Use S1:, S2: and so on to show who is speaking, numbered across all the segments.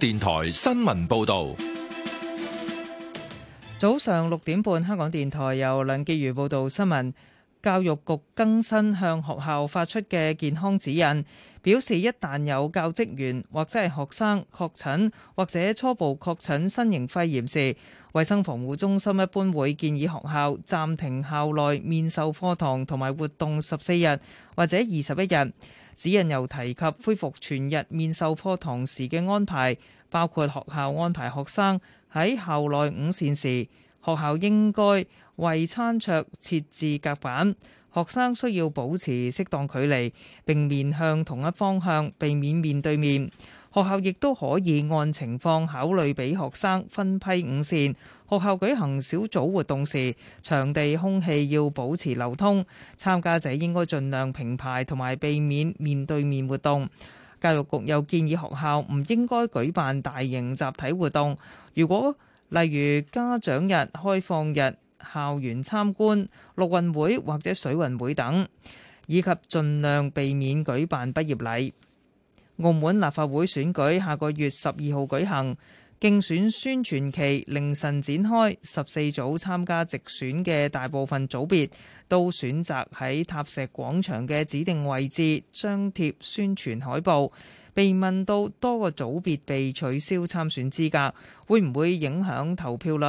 S1: 電台新聞報道：
S2: 早上六點半，香港電台由梁潔如報道新聞。教育局更新向學校發出嘅健康指引，表示一旦有教職員或者係學生確診或者初步確診新型肺炎時，衛生防護中心一般會建議學校暫停校內面授課堂同埋活動十四日或者二十一日。指引又提及恢復全日面授課堂時嘅安排，包括學校安排學生喺校內午膳時，學校應該為餐桌設置隔板，學生需要保持適當距離，並面向同一方向，避免面對面。學校亦都可以按情況考慮俾學生分批午膳。學校舉行小組活動時，場地空氣要保持流通，參加者應該盡量平排同埋避免面對面活動。教育局又建議學校唔應該舉辦大型集體活動，如果，例如家長日、開放日、校園參觀、陸運會或者水運會等，以及盡量避免舉辦畢業禮。澳門立法會選舉下個月十二號舉行。競選宣傳期凌晨展開，十四組參加直選嘅大部分組別都選擇喺塔石廣場嘅指定位置張貼宣傳海報。被問到多個組別被取消參選資格，會唔會影響投票率？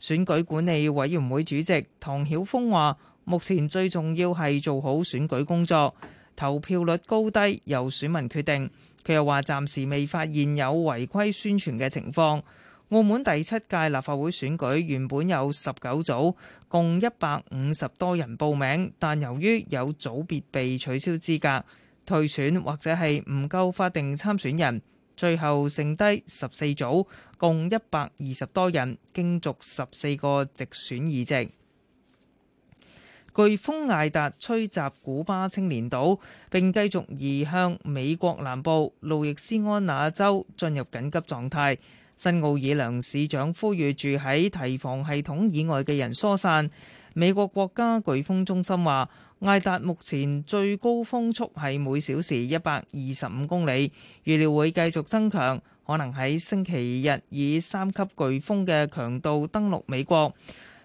S2: 選舉管理委員會主席唐曉峰話：目前最重要係做好選舉工作，投票率高低由選民決定。佢又話：暫時未發現有違規宣傳嘅情況。澳門第七屆立法會選舉原本有十九組，共一百五十多人報名，但由於有組別被取消資格、退選或者係唔夠法定參選人，最後剩低十四組，共一百二十多人，競逐十四個直選議席。颶風艾達吹襲古巴青年島，並繼續移向美國南部路易斯安那州，進入緊急狀態。新奧爾良市長呼籲住喺提防系統以外嘅人疏散。美國國家颶風中心話，艾達目前最高風速係每小時一百二十五公里，預料會繼續增強，可能喺星期日以三級颶風嘅強度登陸美國。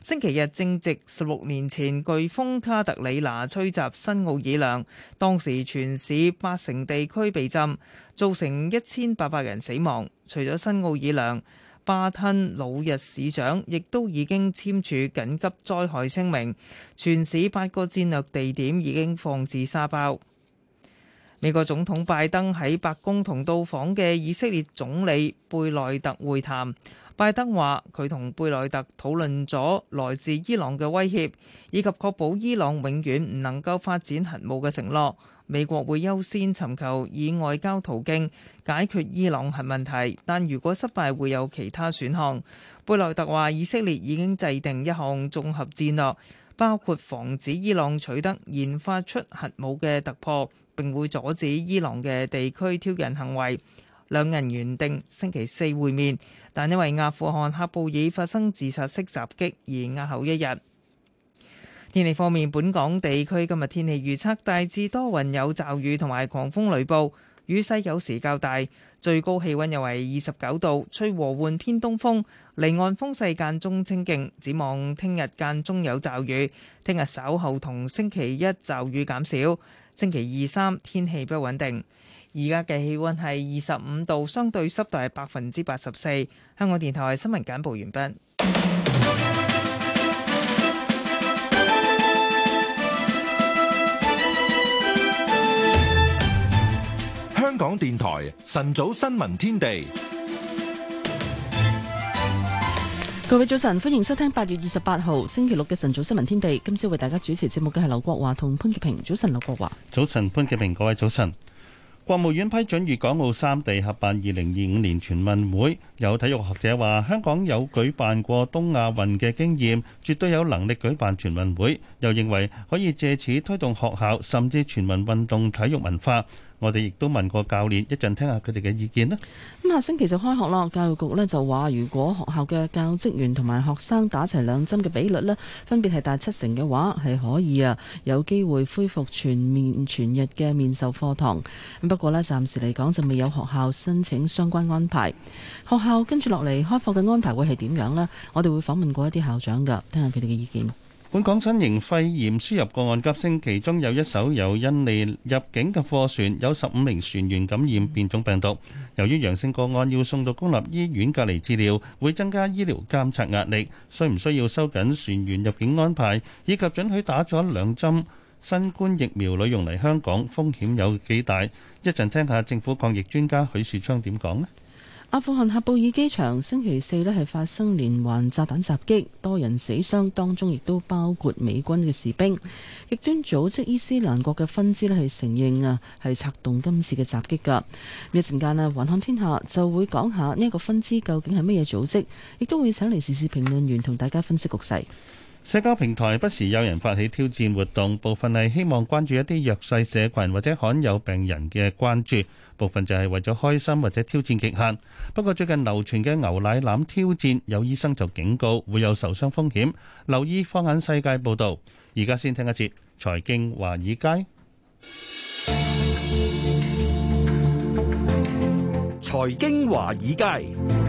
S2: 星期日正值十六年前，颶風卡特里娜吹襲新奧爾良，當時全市八成地區被浸，造成一千八百人死亡。除咗新奧爾良，巴吞魯日市長亦都已經簽署緊急災害聲明，全市八個戰略地點已經放置沙包。美國總統拜登喺白宮同到訪嘅以色列總理貝內特會談。拜登話：佢同貝內特討論咗來自伊朗嘅威脅，以及確保伊朗永遠唔能夠發展核武嘅承諾。美國會優先尋求以外交途徑解決伊朗核問題，但如果失敗，會有其他選項。貝內特話：以色列已經制定一項綜合戰略，包括防止伊朗取得研發出核武嘅突破，並會阻止伊朗嘅地區挑釁行為。兩人原定星期四會面，但因為阿富汗喀布爾發生自殺式襲擊而押後一日。天氣方面，本港地區今日天氣預測大致多雲有驟雨同埋狂風雷暴，雨勢有時較大，最高氣溫又為二十九度，吹和緩偏東風，離岸風勢間中清勁。指望聽日間中有驟雨，聽日稍後同星期一驟雨減少，星期二、三天氣不穩定。而家嘅氣温係二十五度，相對濕度係百分之八十四。香港電台新聞簡報完畢。
S1: 香港電台晨早新聞天地，
S3: 各位早晨，歡迎收聽八月二十八號星期六嘅晨早新聞天地。今朝為大家主持節目嘅係劉國華同潘潔平。早晨，劉國華。
S4: 早晨，潘潔平。各位早晨。國務院批准粵港澳三地合辦二零二五年全運會。有體育學者話：香港有舉辦過東亞運嘅經驗，絕對有能力舉辦全運會，又認為可以借此推動學校甚至全民運動體育文化。我哋亦都問過教練，一陣聽下佢哋嘅意見啦。
S3: 咁下星期就開學啦，教育局呢就話，如果學校嘅教職員同埋學生打齊兩針嘅比率呢，分別係達七成嘅話，係可以啊，有機會恢復全面全日嘅面授課堂。咁不過呢，暫時嚟講就未有學校申請相關安排。學校跟住落嚟開課嘅安排會係點樣呢？我哋會訪問過一啲校長㗎，聽下佢哋嘅意見。
S4: 本港新型肺炎輸入個案急升，其中有一艘由印尼入境嘅貨船，有十五名船員感染變種病毒。由於陽性個案要送到公立醫院隔離治療，會增加醫療監察壓力。需唔需要收緊船員入境安排？以及准許打咗兩針新冠疫苗女傭嚟香港，風險有幾大？一陣聽下政府抗疫專家許樹昌點講咧。
S3: 阿富汗喀布爾機場星期四咧係發生連環炸彈襲擊，多人死傷，當中亦都包括美軍嘅士兵。極端組織伊斯蘭國嘅分支咧係承認啊係策動今次嘅襲擊噶。呢一陣間咧，橫看天下就會講下呢一個分支究竟係乜嘢組織，亦都會請嚟時事評論員同大家分析局勢。
S4: 社交平台不時有人發起挑戰活動，部分係希望關注一啲弱勢社群或者罕有病人嘅關注，部分就係為咗開心或者挑戰極限。不過最近流傳嘅牛奶籃挑戰，有醫生就警告會有受傷風險。留意放眼世界報道，而家先聽一節財經華爾街。
S1: 財經華爾街。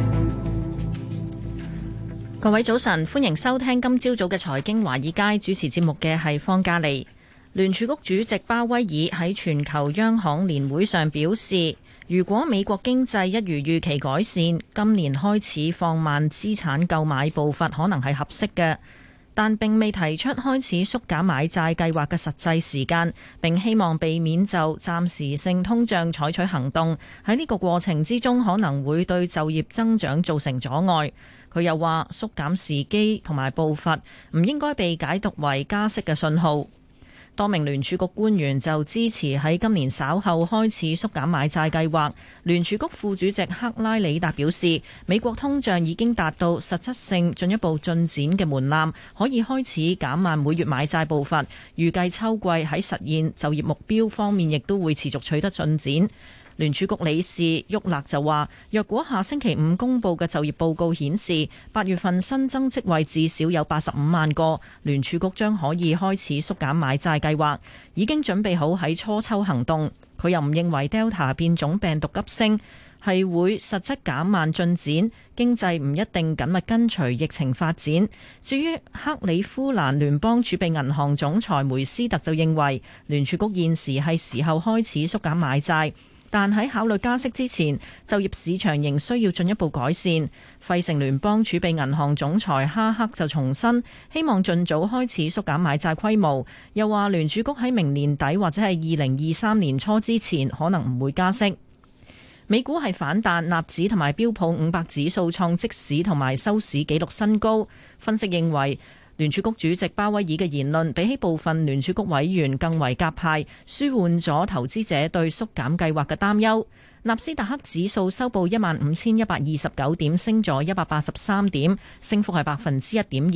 S5: 各位早晨，歡迎收聽今朝早嘅財經華爾街，主持節目嘅係方嘉利。聯儲局主席鮑威爾喺全球央行年會上表示，如果美國經濟一如預期改善，今年開始放慢資產購買步伐可能係合適嘅，但並未提出開始縮減買債計劃嘅實際時間，並希望避免就暫時性通脹採取行動。喺呢個過程之中，可能會對就業增長造成阻礙。佢又話縮減時機同埋步伐唔應該被解讀為加息嘅信號。多名聯儲局官員就支持喺今年稍後開始縮減買債計劃。聯儲局副主席克拉里達表示，美國通脹已經達到實質性進一步進展嘅門檻，可以開始減慢每月買債步伐。預計秋季喺實現就業目標方面，亦都會持續取得進展。聯儲局理事沃勒就話，若果下星期五公布嘅就業報告顯示，八月份新增職位至少有八十五萬個，聯儲局將可以開始縮減買債計劃，已經準備好喺初秋行動。佢又唔認為 Delta 變種病毒急升，係會實質減慢進展，經濟唔一定緊密跟隨疫情發展。至於克里夫蘭聯邦儲備銀行總裁梅斯特就認為，聯儲局現時係時候開始縮減買債。但喺考慮加息之前，就業市場仍需要進一步改善。費城聯邦儲備銀行總裁哈克就重申，希望盡早開始縮減買債規模。又話聯儲局喺明年底或者係二零二三年初之前，可能唔會加息。美股係反彈，納指同埋標普五百指數創即市同埋收市紀錄新高。分析認為，聯儲局主席鮑威爾嘅言論比起部分聯儲局委員更為鴿派，舒緩咗投資者對縮減計劃嘅擔憂。納斯達克指數收報一萬五千一百二十九點，升咗一百八十三點，升幅係百分之一點二。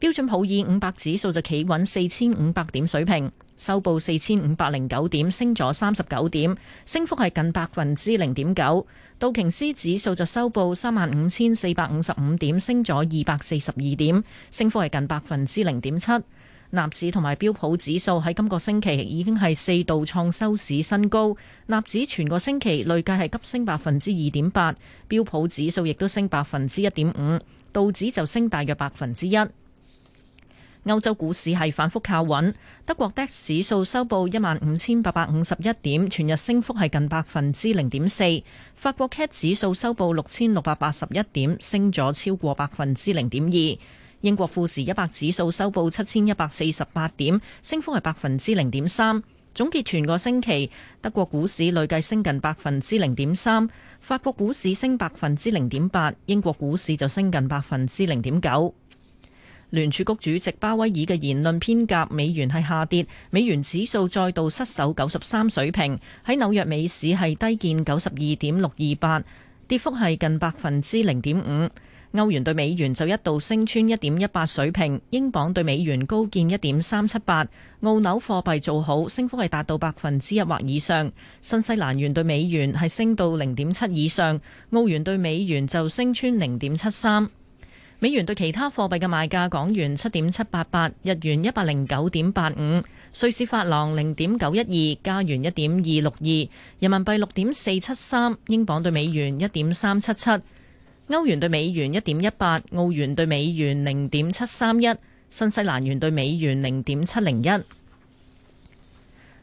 S5: 標準普爾五百指數就企穩四千五百點水平。收報四千五百零九點，升咗三十九點，升幅係近百分之零點九。道瓊斯指數就收報三萬五千四百五十五點，升咗二百四十二點，升幅係近百分之零點七。納指同埋標普指數喺今個星期已經係四度創收市新高，納指全個星期累計係急升百分之二點八，標普指數亦都升百分之一點五，道指就升大約百分之一。歐洲股市係反覆靠穩，德國 DAX 指數收報一萬五千八百五十一點，全日升幅係近百分之零點四。法國 CAC 指數收報六千六百八十一點，升咗超過百分之零點二。英國富時一百指數收報七千一百四十八點，升幅係百分之零點三。總結全個星期，德國股市累計升近百分之零點三，法國股市升百分之零點八，英國股市就升近百分之零點九。聯儲局主席鮑威爾嘅言論偏鴿，美元係下跌，美元指數再度失守九十三水平，喺紐約美市係低見九十二點六二八，跌幅係近百分之零點五。歐元對美元就一度升穿一點一八水平，英鎊對美元高見一點三七八，澳紐貨幣做好，升幅係達到百分之一或以上。新西蘭元對美元係升到零點七以上，澳元對美元就升穿零點七三。美元對其他貨幣嘅賣價：港元七點七八八，日元一百零九點八五，瑞士法郎零點九一二，加元一點二六二，人民幣六點四七三，英鎊對美元一點三七七，歐元對美元一點一八，澳元對美元零點七三一，新西蘭元對美元零點七零一。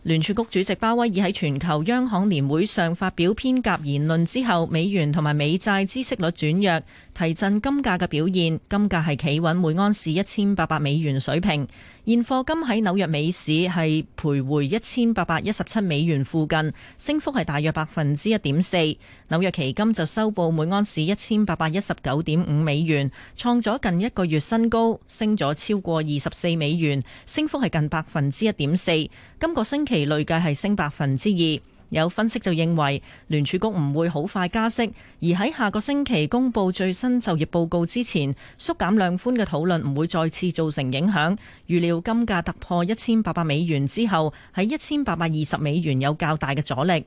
S5: 聯儲局主席鮑威爾喺全球央行年會上發表偏鴿言論之後，美元同埋美債孳息率轉弱。提振金價嘅表現，金價係企穩每盎士一千八百美元水平，現貨金喺紐約美市係徘徊一千八百一十七美元附近，升幅係大約百分之一點四。紐約期金就收報每盎士一千八百一十九點五美元，創咗近一個月新高，升咗超過二十四美元，升幅係近百分之一點四，今個星期累計係升百分之二。有分析就認為聯儲局唔會好快加息，而喺下個星期公佈最新就業報告之前，縮減量寬嘅討論唔會再次造成影響。預料金價突破一千八百美元之後，喺一千八百二十美元有較大嘅阻力。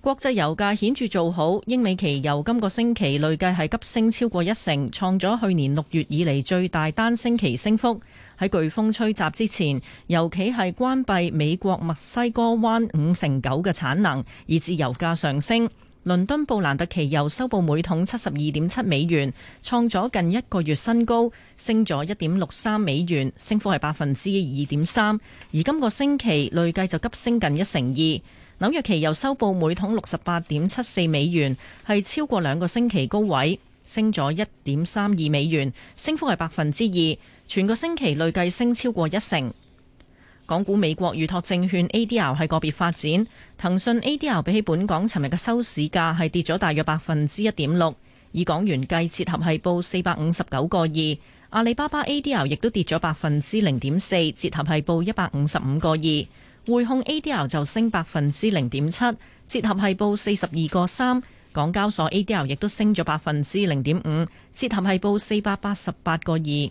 S5: 國際油價顯著做好，英美期油今個星期累計係急升超過一成，創咗去年六月以嚟最大單星期升幅。喺颶風吹襲之前，尤其係關閉美國墨西哥灣五成九嘅產能，以致油價上升。倫敦布蘭特期油收報每桶七十二點七美元，創咗近一個月新高，升咗一點六三美元，升幅係百分之二點三。而今個星期累計就急升近一成二。紐約期油收報每桶六十八點七四美元，係超過兩個星期高位，升咗一點三二美元，升幅係百分之二，全個星期累計升超過一成。港股美國預託證券 ADR 係個別發展，騰訊 ADR 比起本港尋日嘅收市價係跌咗大約百分之一點六，以港元計折合係報四百五十九個二。阿里巴巴 ADR 亦都跌咗百分之零點四，折合係報一百五十五個二。匯控 ADR 就升百分之零點七，折合係報四十二個三。港交所 ADR 亦都升咗百分之零點五，折合係報四百八十八個二。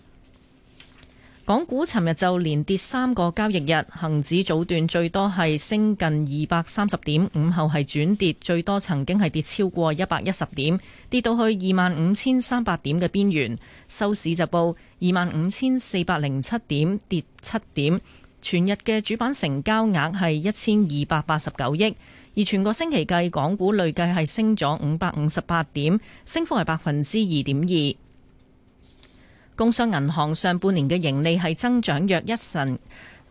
S5: 港股尋日就連跌三個交易日，恒指早段最多係升近二百三十點，午後係轉跌，最多曾經係跌超過一百一十點，跌到去二萬五千三百點嘅邊緣。收市就報二萬五千四百零七點，跌七點。全日嘅主板成交額係一千二百八十九億，而全個星期計，港股累計係升咗五百五十八點，升幅係百分之二點二。工商銀行上半年嘅盈利係增長約一成。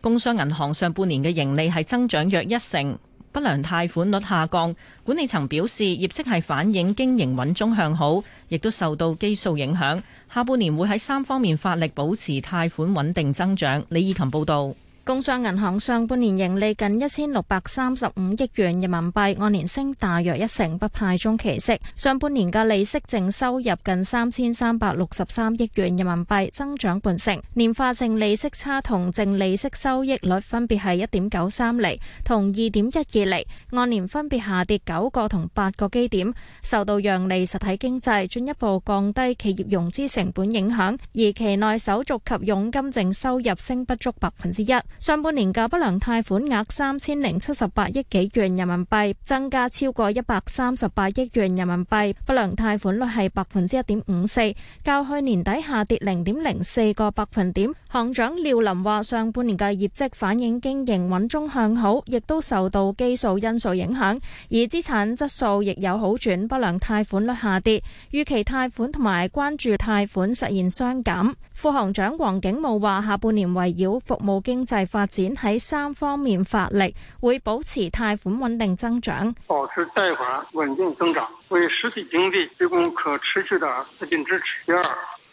S5: 工商銀行上半年嘅盈利係增長約一成，不良貸款率下降。管理層表示，業績係反映經營穩中向好，亦都受到基數影響。下半年會喺三方面發力，保持貸款穩定增長。李以琴報道。
S6: 工商銀行上半年盈利近一千六百三十五億元人民幣，按年升大約一成，不派中期息。上半年嘅利息淨收入近三千三百六十三億元人民幣，增長半成。年化淨利息差同淨利息收益率分別係一點九三厘同二點一二厘，按年分別下跌九個同八個基點。受到讓利實體經濟、進一步降低企業融資成本影響，而期內手續及佣金淨收入升不足百分之一。上半年嘅不良貸款額三千零七十八億幾元人民幣，增加超過一百三十八億元人民幣。不良貸款率係百分之一點五四，較去年底下跌零點零四個百分點。行長廖林話：上半年嘅業績反映經營穩中向好，亦都受到基數因素影響，而資產質素亦有好轉，不良貸款率下跌，逾期貸款同埋關注貸款實現雙減。副行長黃景武話：下半年圍繞服務經濟發展喺三方面發力，會保持貸款穩定增長，
S7: 保持貸款穩定增長，為實體經濟提供可持續的資金支持。第 二，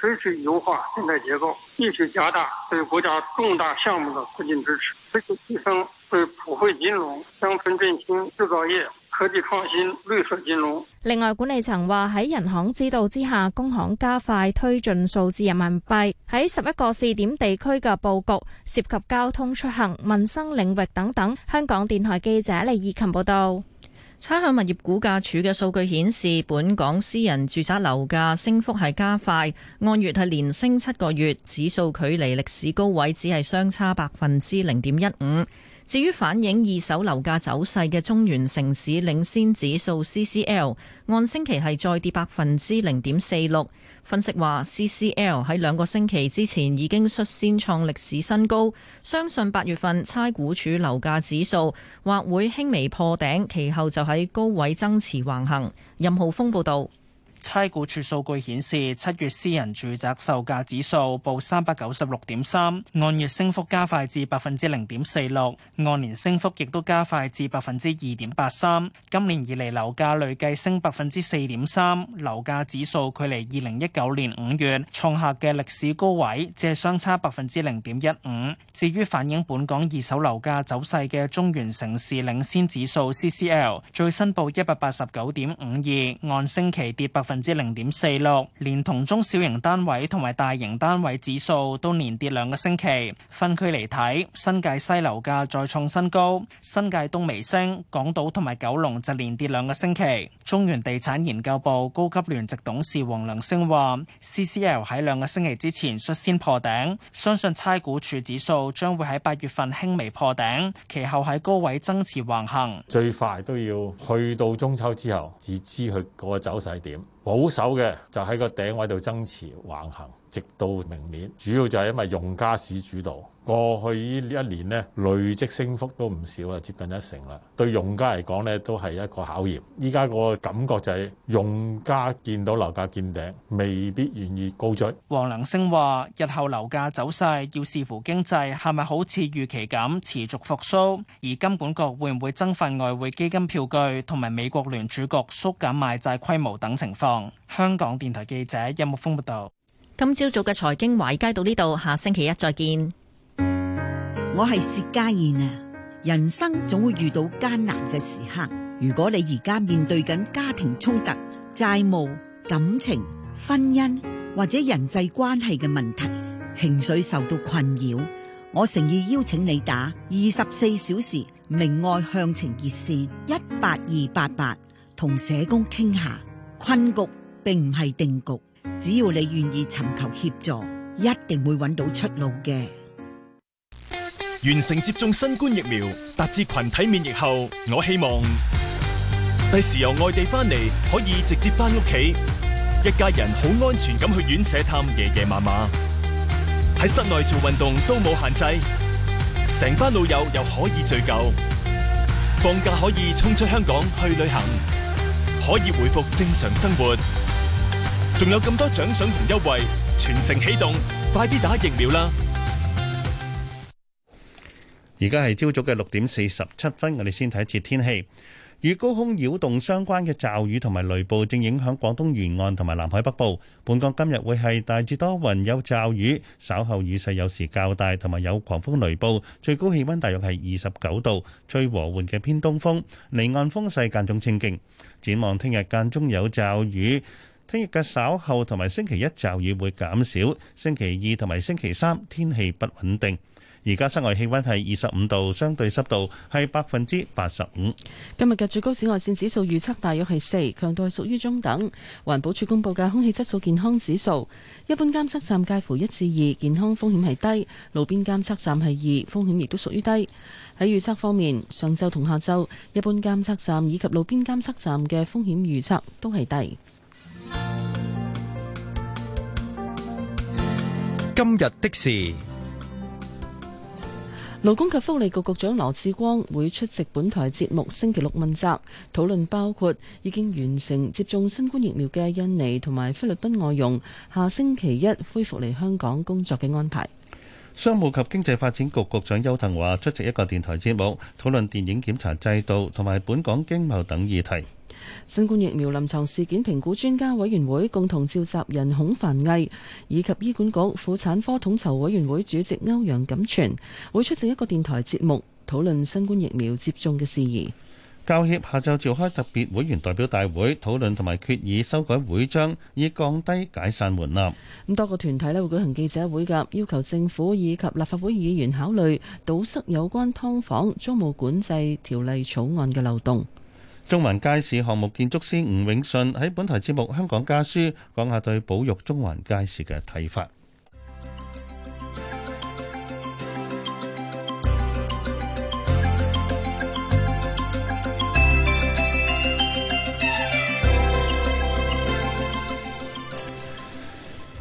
S7: 持續優化信貸結構，繼續加大對國家重大項目的資金支持，持續提升對普惠金融、鄉村振興、製造業。科技創新、綠色
S6: 金融。另外，管理層話喺人行指導之下，工行加快推進數字人民幣喺十一個試點地區嘅布局，涉及交通出行、民生領域等等。香港電台記者李義琴報道。差
S5: 餉物業估價署嘅數據顯示，本港私人住宅樓價升幅係加快，按月係連升七個月，指數距離歷史高位只係相差百分之零點一五。至於反映二手樓價走勢嘅中原城市領先指數 CCL，按星期係再跌百分之零點四六。分析話，CCL 喺兩個星期之前已經率先創歷史新高，相信八月份差估署樓價指數或會輕微破頂，其後就喺高
S8: 位增持橫行。任浩峰報導。差估署數據顯示，七月私人住宅售價指數報三百九十六點三，按月升幅加快至百分之零點四六，按年升幅亦都加快至百分之二點八三。今年以嚟樓價累計升百分之四點三，樓價指數距離二零一九年五月創下嘅歷史高位只係相差百分之零點一五。至於反映本港二手樓價走勢嘅中原城市領先指數 CCL，最新報一百八十九點五二，按星期跌百分分之零點四六，46，連同中小型單位同埋大型單位指數都連跌兩個星期。分區嚟睇，新界西樓價再創新高，新界東微升，港島同埋九龍就連跌兩個星期。中原地產研究部高級聯席董事黃良升話：CCL 喺兩個星期之前率先破頂，相信差估處指數將會喺八月份輕微破頂，其後喺高位增持橫行，
S9: 最快都要去到中秋之後，只知佢個走勢點。保守嘅就喺、是、個頂位度增持橫行，直到明年。主要就係因為用家市主導。過去呢一年咧，累積升幅都唔少啦，接近一成啦。對用家嚟講呢都係一個考
S7: 驗。依家個感覺就係用家見到樓價見頂，未必願意
S9: 高追。
S8: 黃良聲話，日後樓價走勢要視乎經濟係咪好似預期咁持續復甦，而金管局會唔會增發外匯基金票據，同埋美國聯儲局縮減賣債規模等情況。香港電台記者任木風報道。今朝早嘅財經華
S5: 爾街到呢度，下星期一再見。
S8: 我
S10: 係薛家燕啊！人生總會遇到艱難嘅時刻，如果你而家面對緊家庭衝突、債務、感情、婚姻或者人際關係嘅問題，情緒受到困擾，我誠意邀請你打二十四小時明愛向情熱線一八二八八，同社工傾下。困局並唔係定局，只要你願意尋求協助，一定會揾到出路嘅。
S11: 完成接種新冠疫苗，達至群體免疫後，我希望第時由外地翻嚟可以直接翻屋企，一家人好安全咁去院舍探爺爺嫲嫲，喺室內做運動都冇限制，成班老友又可以聚舊，放假可以衝出香港去旅行，可以回復正常生活，仲有咁多獎賞同優惠，全城起動，快啲打疫苗啦！
S4: 而家係朝早嘅六點四十七分，我哋先睇一節天氣。與高空擾動相關嘅驟雨同埋雷暴正影響廣東沿岸同埋南海北部。本港今日會係大致多雲有驟雨，稍後雨勢有時較大，同埋有狂風雷暴。最高氣溫大約係二十九度，吹和緩嘅偏東風，離岸風勢間中清勁。展望聽日間中有驟雨，聽日嘅稍後同埋星期一驟雨會減少，星期二同埋星期三天氣不穩定。而家室外氣溫係二十五度，相對濕度係百分之八十五。
S3: 今日嘅最高紫外線指數預測大約係四，強度係屬於中等。環保署公布嘅空氣質素健康指數，一般監測站介乎一至二，健康風險係低；路邊監測站係二，風險亦都屬於低。喺預測方面，上晝同下晝，一般監測站以及路邊監測站嘅風險預測都係低。
S2: 今日的事。
S3: 勞工及福利局局長羅志光會出席本台節目星期六問責，討論包括已經完成接種新冠疫苗嘅印尼同埋菲律賓外傭下星期一恢復嚟香港工作嘅安排。
S4: 商務及經濟發展局局長邱騰華出席一個電台節目，討論電影檢查制度同埋本港經貿等議題。
S3: 新冠疫苗臨床事件評估專家委員會共同召集人孔凡毅，以及醫管局婦產科統籌委員會主席歐陽錦泉會出席一個電台節目，討論新冠疫苗接種嘅事宜。
S4: 教協下晝召開特別會員代表大會討論同埋決議修改會章，以降低解散門檻。咁
S3: 多個團體咧會舉行記者會㗎，要求政府以及立法會議員考慮堵塞有關劏房租務管制條例草案嘅漏洞。
S4: 中環街市項目建築師吳永信喺本台節目《香港家書》講下對保育中環街市嘅睇法。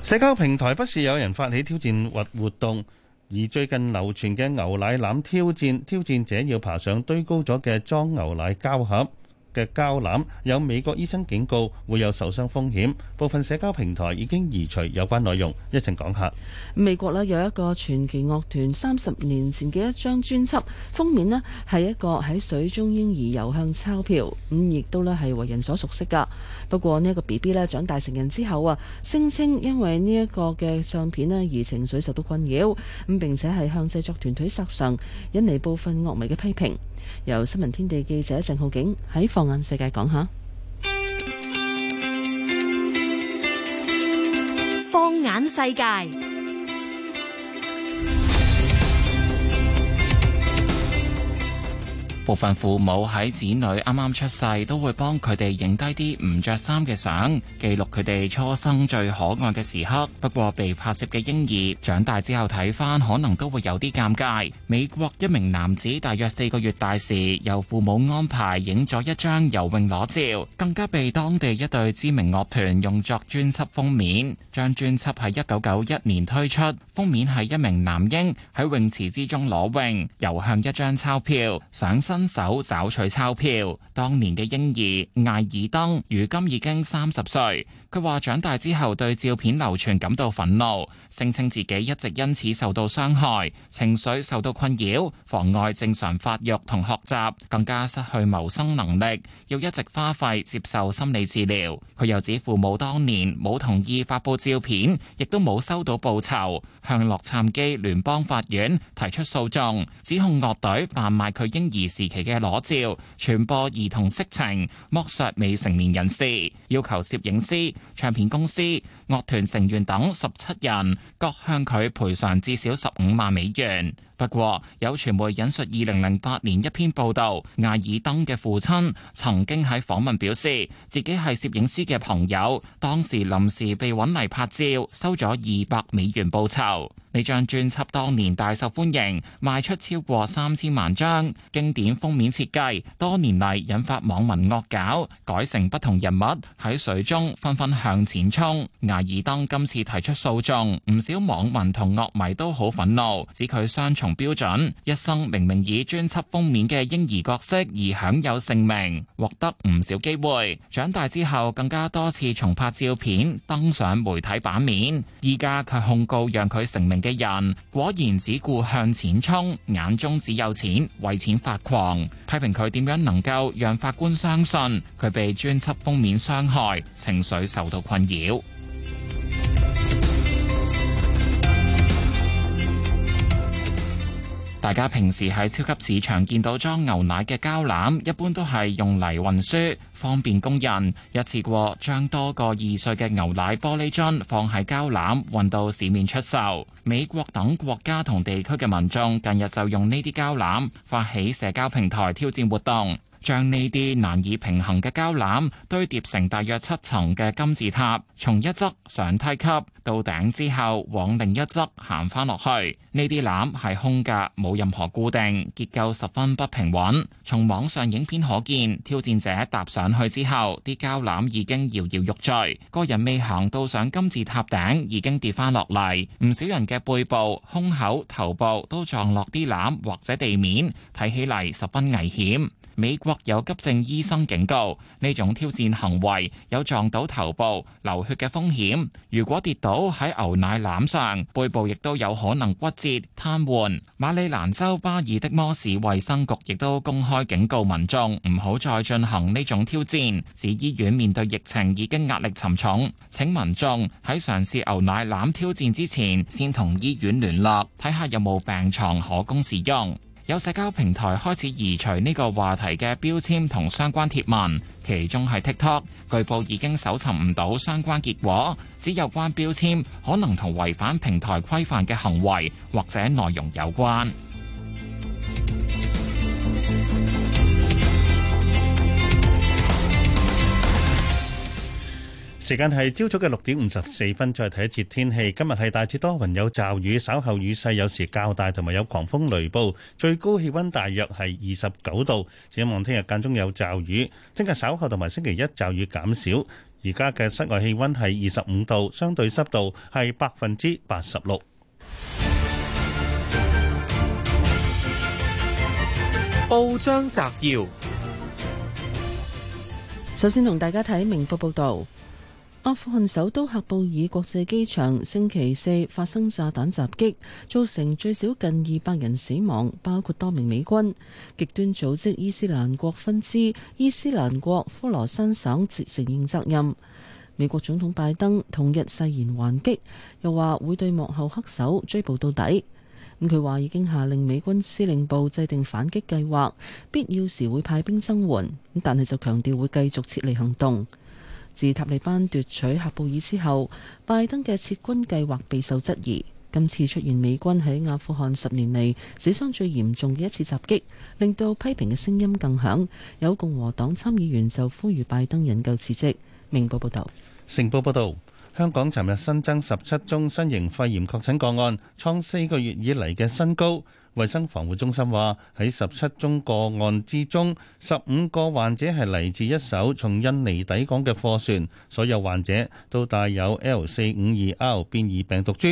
S4: 社交平台不時有人發起挑戰或活動，而最近流傳嘅牛奶籃挑戰，挑戰者要爬上堆高咗嘅裝牛奶膠盒。嘅交攬，有美國醫生警告會有受傷風險，部分社交平台已經移除有關內容。一陣講下
S3: 美國呢，有一個傳奇樂團三十年前嘅一張專輯封面呢，係一個喺水中嬰兒遊向鈔票，咁亦都呢係為人所熟悉噶。不過呢一個 B B 呢，長大成人之後啊，聲稱因為呢一個嘅相片呢而情緒受到困擾，咁並且係向製作團隊索償，引嚟部分樂迷嘅批評。由新聞天地記者鄭浩景喺放眼世界講下，
S12: 放眼世界。
S9: 部分父母喺子女啱啱出世都會幫佢哋影低啲唔着衫嘅相，記錄佢哋初生最可愛嘅時刻。不過被拍攝嘅嬰兒長大之後睇翻，可能都會有啲尷尬。美國一名男子大約四個月大時由父母安排影咗一張游泳裸照，更加被當地一對知名樂團用作專輯封面。張專輯喺一九九一年推出，封面係一名男嬰喺泳池之中裸泳，游向一張鈔票，上身。伸手找取鈔票，當年嘅嬰兒艾爾登如今已經三十歲。佢話長大之後對照片流傳感到憤怒，聲稱自己一直因此受到傷害，情緒受到困擾，妨礙正常發育同學習，更加失去謀生能力，要一直花費接受心理治療。佢又指父母當年冇同意發佈照片，亦都冇收到報酬，向洛杉磯聯邦法院提出訴訟，指控樂隊販賣佢嬰兒時。時期嘅裸照傳播兒童色情、剝削未成年人士，要求攝影師、唱片公司、樂團成員等十七人各向佢賠償至少十五萬美元。不過有傳媒引述二零零八年一篇報道，艾爾登嘅父親曾經喺訪問表示，自己係攝影師嘅朋友，當時臨時被搵嚟拍照，收咗二百美元報酬。呢張專輯當年大受歡迎，賣出超過三千萬張，經典封面設計多年嚟引發網民惡搞，改成不同人物喺水中紛紛向前衝。艾爾登今次提出訴訟，唔少網民同樂迷都好憤怒，指佢雙重。標準一生，明明以專輯封面嘅嬰兒角色而享有盛名，獲得唔少機會。長大之後更加多次重拍照片，登上媒體版面。依家卻控告讓佢成名嘅人，果然只顧向前衝，眼中只有錢，為錢發狂。批評佢點樣能夠讓法官相信佢被專輯封面傷害，情緒受到困擾。大家平時喺超級市場見到裝牛奶嘅膠籃，一般都係用嚟運輸，方便工人一次過將多個二歲嘅牛奶玻璃樽放喺膠籃，運到市面出售。美國等國家同地區嘅民眾近日就用呢啲膠籃，發起社交平台挑戰活動。將呢啲難以平衡嘅膠籃堆疊成大約七層嘅金字塔，從一側上梯級到頂之後，往另一側行翻落去。呢啲籃係空格，冇任何固定結構，十分不平穩。從網上影片可見，挑戰者踏上去之後，啲膠籃已經搖搖欲墜。個人未行到上金字塔頂，已經跌翻落嚟。唔少人嘅背部、胸口、頭部都撞落啲籃或者地面，睇起嚟十分危險。美國有急症醫生警告，呢種挑戰行為有撞到頭部流血嘅風險。如果跌倒喺牛奶籃上，背部亦都有可能骨折、癱瘓。馬里蘭州巴爾的摩市衛生局亦都公開警告民眾，唔好再進行呢種挑戰。指醫院面對疫情已經壓力沉重，請民眾喺嘗試牛奶籃挑戰之前，先同醫院聯絡，睇下有冇病床可供使用。有社交平台開始移除呢個話題嘅標籤同相關貼文，其中係 TikTok，據報已經搜尋唔到相關結果，指有關標籤可能同違反平台規範嘅行為或者內容有關。
S4: 時間係朝早嘅六點五十四分，再睇一次天氣。今日係大致多雲有驟雨，稍後雨勢有時較大，同埋有狂風雷暴。最高氣温大約係二十九度。展望聽日間中有驟雨，聽日稍後同埋星期一驟雨減少。而家嘅室外氣温係二十五度，相對濕度係百分之八十六。報章摘要，
S3: 首先同大家睇明報報道。阿富汗首都喀布爾國際機場星期四發生炸彈襲擊，造成最少近二百人死亡，包括多名美軍。極端組織伊斯蘭國分支伊斯蘭國呼羅珊省承認責任。美國總統拜登同日誓言還擊，又話會對幕後黑手追捕到底。咁佢話已經下令美軍司令部制定反擊計劃，必要時會派兵增援。但係就強調會繼續撤離行動。自塔利班奪取喀布爾之後，拜登嘅撤軍計劃備受質疑。今次出現美軍喺阿富汗十年嚟死傷最嚴重嘅一次襲擊，令到批評嘅聲音更響，有共和黨參議員就呼籲拜登引咎辭職。明報報道，
S4: 成報報道，香港尋日新增十七宗新型肺炎確診個案，創四個月以嚟嘅新高。衛生防護中心話，喺十七宗個案之中，十五個患者係嚟自一艘從印尼抵港嘅貨船，所有患者都帶有 L 四五二 R 變異病毒株。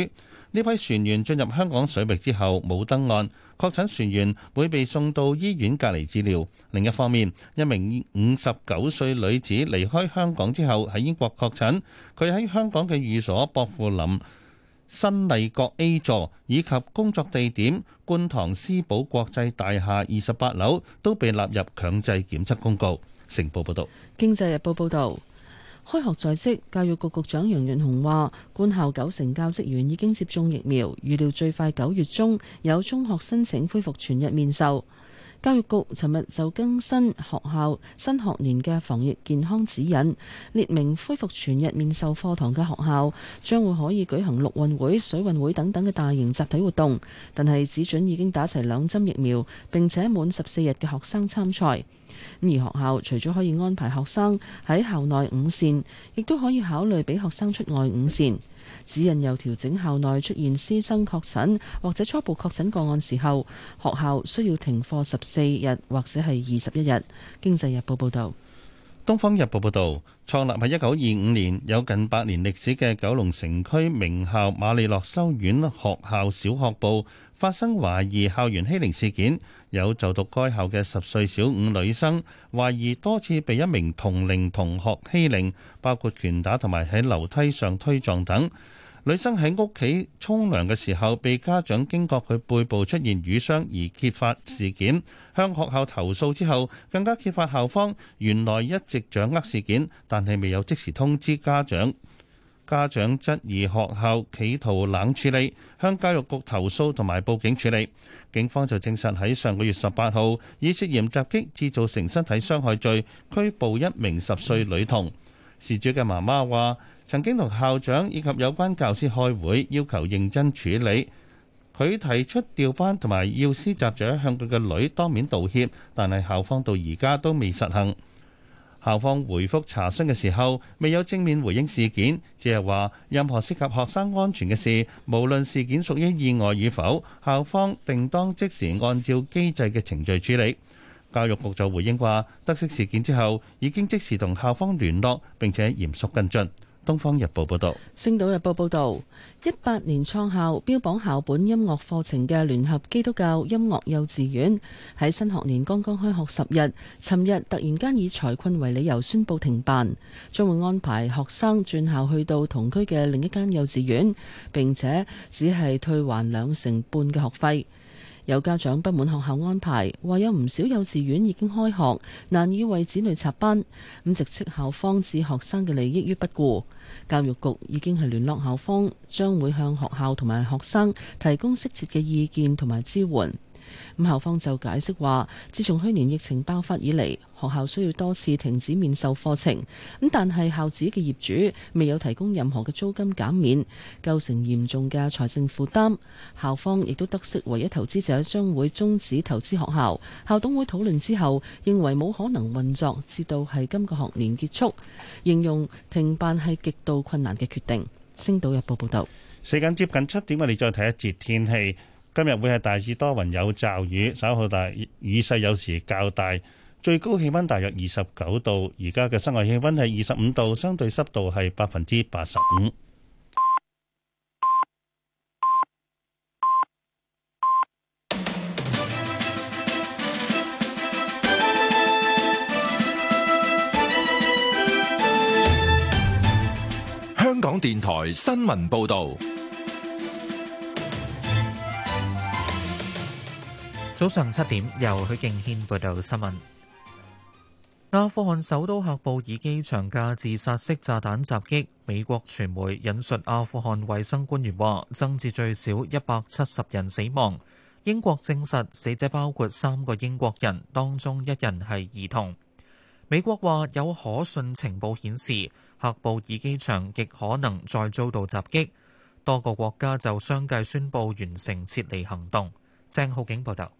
S4: 呢批船員進入香港水域之後冇登岸，確診船員會被送到醫院隔離治療。另一方面，一名五十九歲女子離開香港之後喺英國確診，佢喺香港嘅寓所薄扶林新麗閣 A 座以及工作地點觀塘斯寶國際大廈二十八樓都被納入強制檢測公告。成報報導，《經
S3: 濟日報》報導，開學在即，教育局局長楊潤雄話，官校九成教職員已經接種疫苗，預料最快九月中有中學申請恢復全日面授。教育局尋日就更新學校新學年嘅防疫健康指引，列明恢復全日面授課堂嘅學校將會可以舉行陸運會、水運會等等嘅大型集體活動，但係只准已經打齊兩針疫苗並且滿十四日嘅學生參賽。咁而學校除咗可以安排學生喺校內午膳，亦都可以考慮俾學生出外午膳。指引又調整校內出現師生確診或者初步確診個案時候，學校需要停課十四日或者係二十一日。經濟日報報道，
S4: 東方日報報道，創立喺一九二五年有近百年歷史嘅九龍城區名校馬利諾修院學校小學部發生懷疑校園欺凌事件，有就讀該校嘅十歲小五女生懷疑多次被一名同齡同學欺凌，包括拳打同埋喺樓梯上推撞等。女生喺屋企沖涼嘅時候，被家長驚覺佢背部出現瘀傷而揭發事件，向學校投訴之後，更加揭發校方原來一直掌握事件，但係未有即時通知家長。家長質疑學校企圖冷處理，向教育局投訴同埋報警處理。警方就證實喺上個月十八號，以涉嫌襲擊致造成身體傷害罪拘捕一名十歲女童。事主嘅媽媽話：曾經同校長以及有關教師開會，要求認真處理。佢提出調班同埋要施襲者向佢嘅女當面道歉，但係校方到而家都未實行。校方回覆查詢嘅時候，未有正面回應事件，只係話任何涉及學生安全嘅事，無論事件屬於意外與否，校方定當即時按照機制嘅程序處理。教育局就回應話，得悉事件之後，已經即時同校方聯絡，並且嚴肅跟進。東方日報報道，
S3: 星島日報報道，一八年創校、標榜校本音樂課程嘅聯合基督教音樂幼稚園，喺新學年剛剛開學十日，尋日突然間以財困為理由宣布停辦，將會安排學生轉校去到同區嘅另一間幼稚園，並且只係退還兩成半嘅學費。有家長不滿學校安排，話有唔少幼稚園已經開學，難以為子女插班咁，直斥校方置學生嘅利益於不顧。教育局已經係聯絡校方，將會向學校同埋學生提供適切嘅意見同埋支援。校方就解釋話，自從去年疫情爆發以嚟，學校需要多次停止面授課程。咁但係校址嘅業主未有提供任何嘅租金減免，構成嚴重嘅財政負擔。校方亦都得悉唯一投資者將會終止投資學校。校董會討論之後，認為冇可能運作，至到係今個學年結束。形容停辦係極度困難嘅決定。星島日報報道。
S4: 時間接近七點，我哋再睇一節天氣。今日會係大致多雲有驟雨，稍後大雨勢有時較大，最高氣溫大約二十九度，而家嘅室外氣溫係二十五度，相對濕度係百分之八十五。
S1: 香港電台新聞報道。早上
S13: 七點，由許敬軒報道新聞。阿富汗首都喀布爾機場嘅自殺式炸彈襲擊，美國傳媒引述阿富汗衛生官員話，增至最少一百七十人死亡。英國證實死者包括三個英國人，當中一人係兒童。美國話有可信情報顯示，喀布爾機場極可能再遭到襲擊。多個國家就相繼宣布完成撤離行動。鄭浩景報道。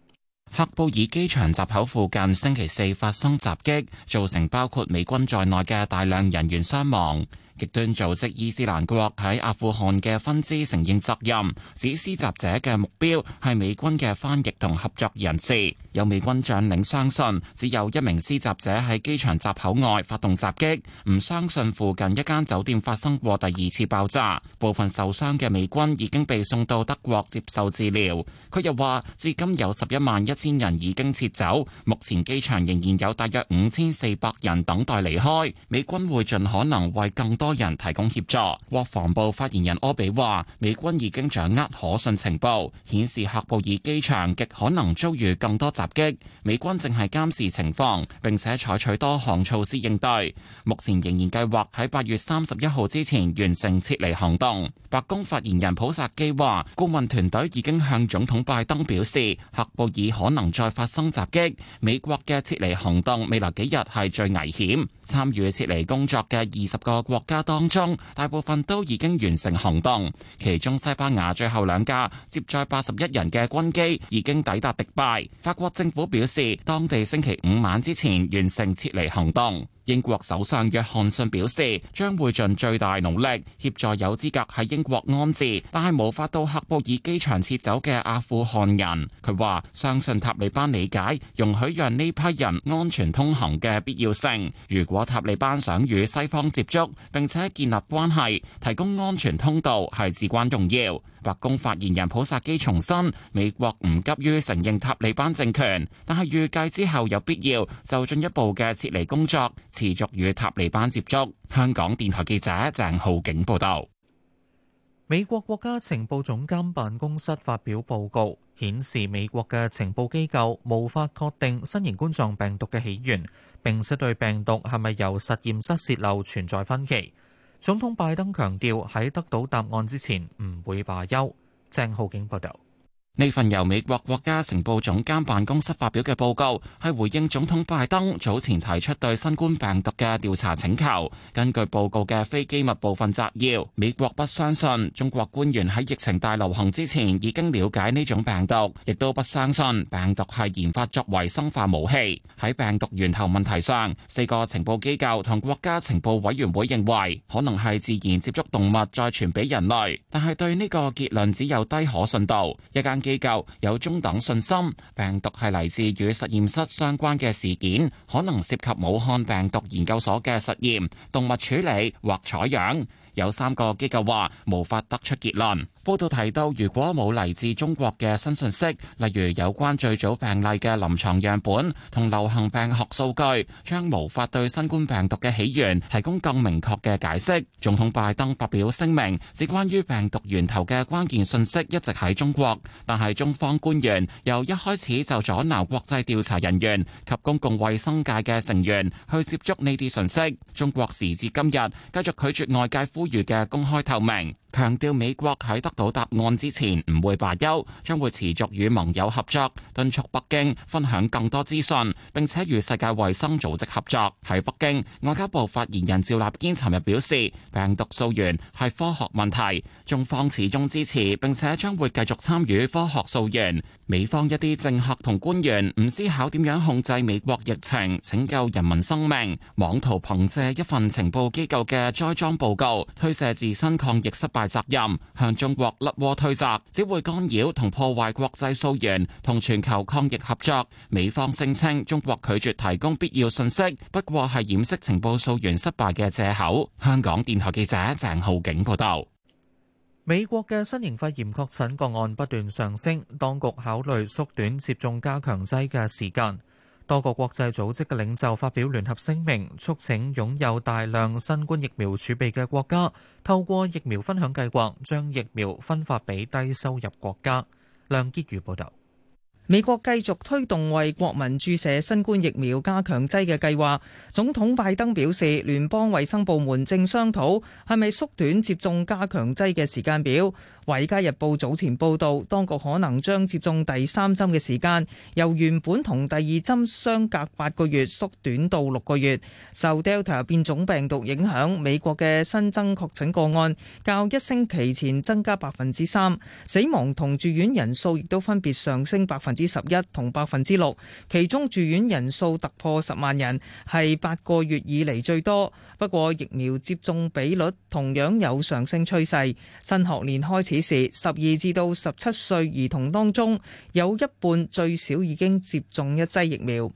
S9: 喀布爾機場閘口附近，星期四發生襲擊，造成包括美軍在內嘅大量人員傷亡。極端組織伊斯蘭國喺阿富汗嘅分支承認責任，指施襲者嘅目標係美軍嘅翻譯同合作人士。有美軍將領相信，只有一名施襲者喺機場閘口外發動襲擊，唔相信附近一間酒店發生過第二次爆炸。部分受傷嘅美軍已經被送到德國接受治療。佢又話，至今有十一萬一千人已經撤走，目前機場仍然有大約五千四百人等待離開。美軍會盡可能為更多。人提供協助。國防部發言人柯比話：美軍已經掌握可信情報，顯示喀布爾機場極可能遭遇更多襲擊。美軍正係監視情況，並且採取多項措施應對。目前仍然計劃喺八月三十一號之前完成撤離行動。白宮發言人普薩基話：顧問團隊已經向總統拜登表示，喀布爾可能再發生襲擊。美國嘅撤離行動未來幾日係最危險。參與撤離工作嘅二十個國家。當中大部分都已經完成行動，其中西班牙最後兩架接載八十一人嘅軍機已經抵達迪拜。法國政府表示，當地星期五晚之前完成撤離行動，英國首相約翰遜表示，將會盡最大努力協助有資格喺英國安置，但係無法到喀布爾機場撤走嘅阿富汗人。佢話相信塔利班理解容許讓呢批人安全通行嘅必要性。如果塔利班想與西方接觸，並並且建立關係、提供安全通道係至關重要。白宮發言人普薩基重申，美國唔急於承認塔利班政權，但係預計之後有必要就進一步嘅撤離工作持續與塔利班接觸。香港電台記者鄭浩景報道。美國
S13: 國家情報總監辦公室發表報告，顯示美國嘅情報機構無法確定新型冠狀病毒嘅起源。並且對病毒係咪由實驗室洩漏存在分歧。總統拜登強調，喺得到答案之前唔
S9: 會罷休。鄭浩景報導。呢份由美國國家情報總監辦公室發表嘅報告，係回應總統拜登早前提出對新冠病毒嘅調查請求。根據報告嘅非機密部分摘要，美國不相信中國官員喺疫情大流行之前已經了解呢種病毒，亦都不相信病毒係研發作為生化武器。喺病毒源頭問題上，四個情報機構同國家情報委員會認為可能係自然接觸動物再傳俾人類，但係對呢個結論只有低可信度。一間。機構有中等信心，病毒係嚟自與實驗室相關嘅事件，可能涉及武漢病毒研究所嘅實驗、動物處理或採樣。有三個機構話無法得出結論。報道提到，如果冇嚟自中國嘅新信息，例如有關最早病例嘅臨床樣本同流行病學數據，將無法對新冠病毒嘅起源提供更明確嘅解釋。總統拜登發表聲明，指關於病毒源頭嘅關鍵信息一直喺中國，但係中方官員由一開始就阻撓國際調查人員及公共衛生界嘅成員去接觸呢啲信息。中國時至今日繼續拒絕外界呼籲嘅公開透明。強調美國喺得到答案之前唔會罷休，將會持續與盟友合作，敦促北京分享更多資訊，並且與世界衛生組織合作。喺北京，外交部發言人趙立堅尋日表示，病毒溯源係科學問題，中方始終支持，並且將會繼續參與科學溯源。美方一啲政客同官員唔思考點樣控制美國疫情、拯救人民生命，妄圖憑借一份情報機構嘅栽贓報告，推卸自身抗疫失敗責任向中國甩鍋推責只會干擾同破壞國際溯源同全球抗疫合作。美方聲稱中國拒絕提供必要信息，不過係掩飾情報溯源失敗嘅借口。香港電台記者鄭浩景報道。
S13: 美國嘅新型肺炎確診個案不斷上升，當局考慮縮短接種加強劑嘅時間。多個國際組織嘅領袖發表聯合聲明，促請擁有大量新冠疫苗儲備嘅國家透過疫苗分享計劃，將疫苗
S2: 分發俾低收入國家。梁潔如報道，美國繼續推動為國民注射新冠疫苗加強劑嘅計劃。總統拜登表示，聯邦衛生部門正商討係咪縮短接種加強劑嘅時間表。《華爾街日報》早前報道，當局可能將接種第三針嘅時間，由原本同第二針相隔八個月縮短到六個月。受 Delta 變種病毒影響，美國嘅新增確診個案較一星期前增加百分之三，死亡同住院人數亦都分別上升百分之十一同百分之六，其中住院人數突破十萬人，係八個月以嚟最多。不過疫苗接種比率同樣有上升趨勢。新學年開始。此時，十二至到十七歲兒童當中，有一半最少已經接種一劑疫苗。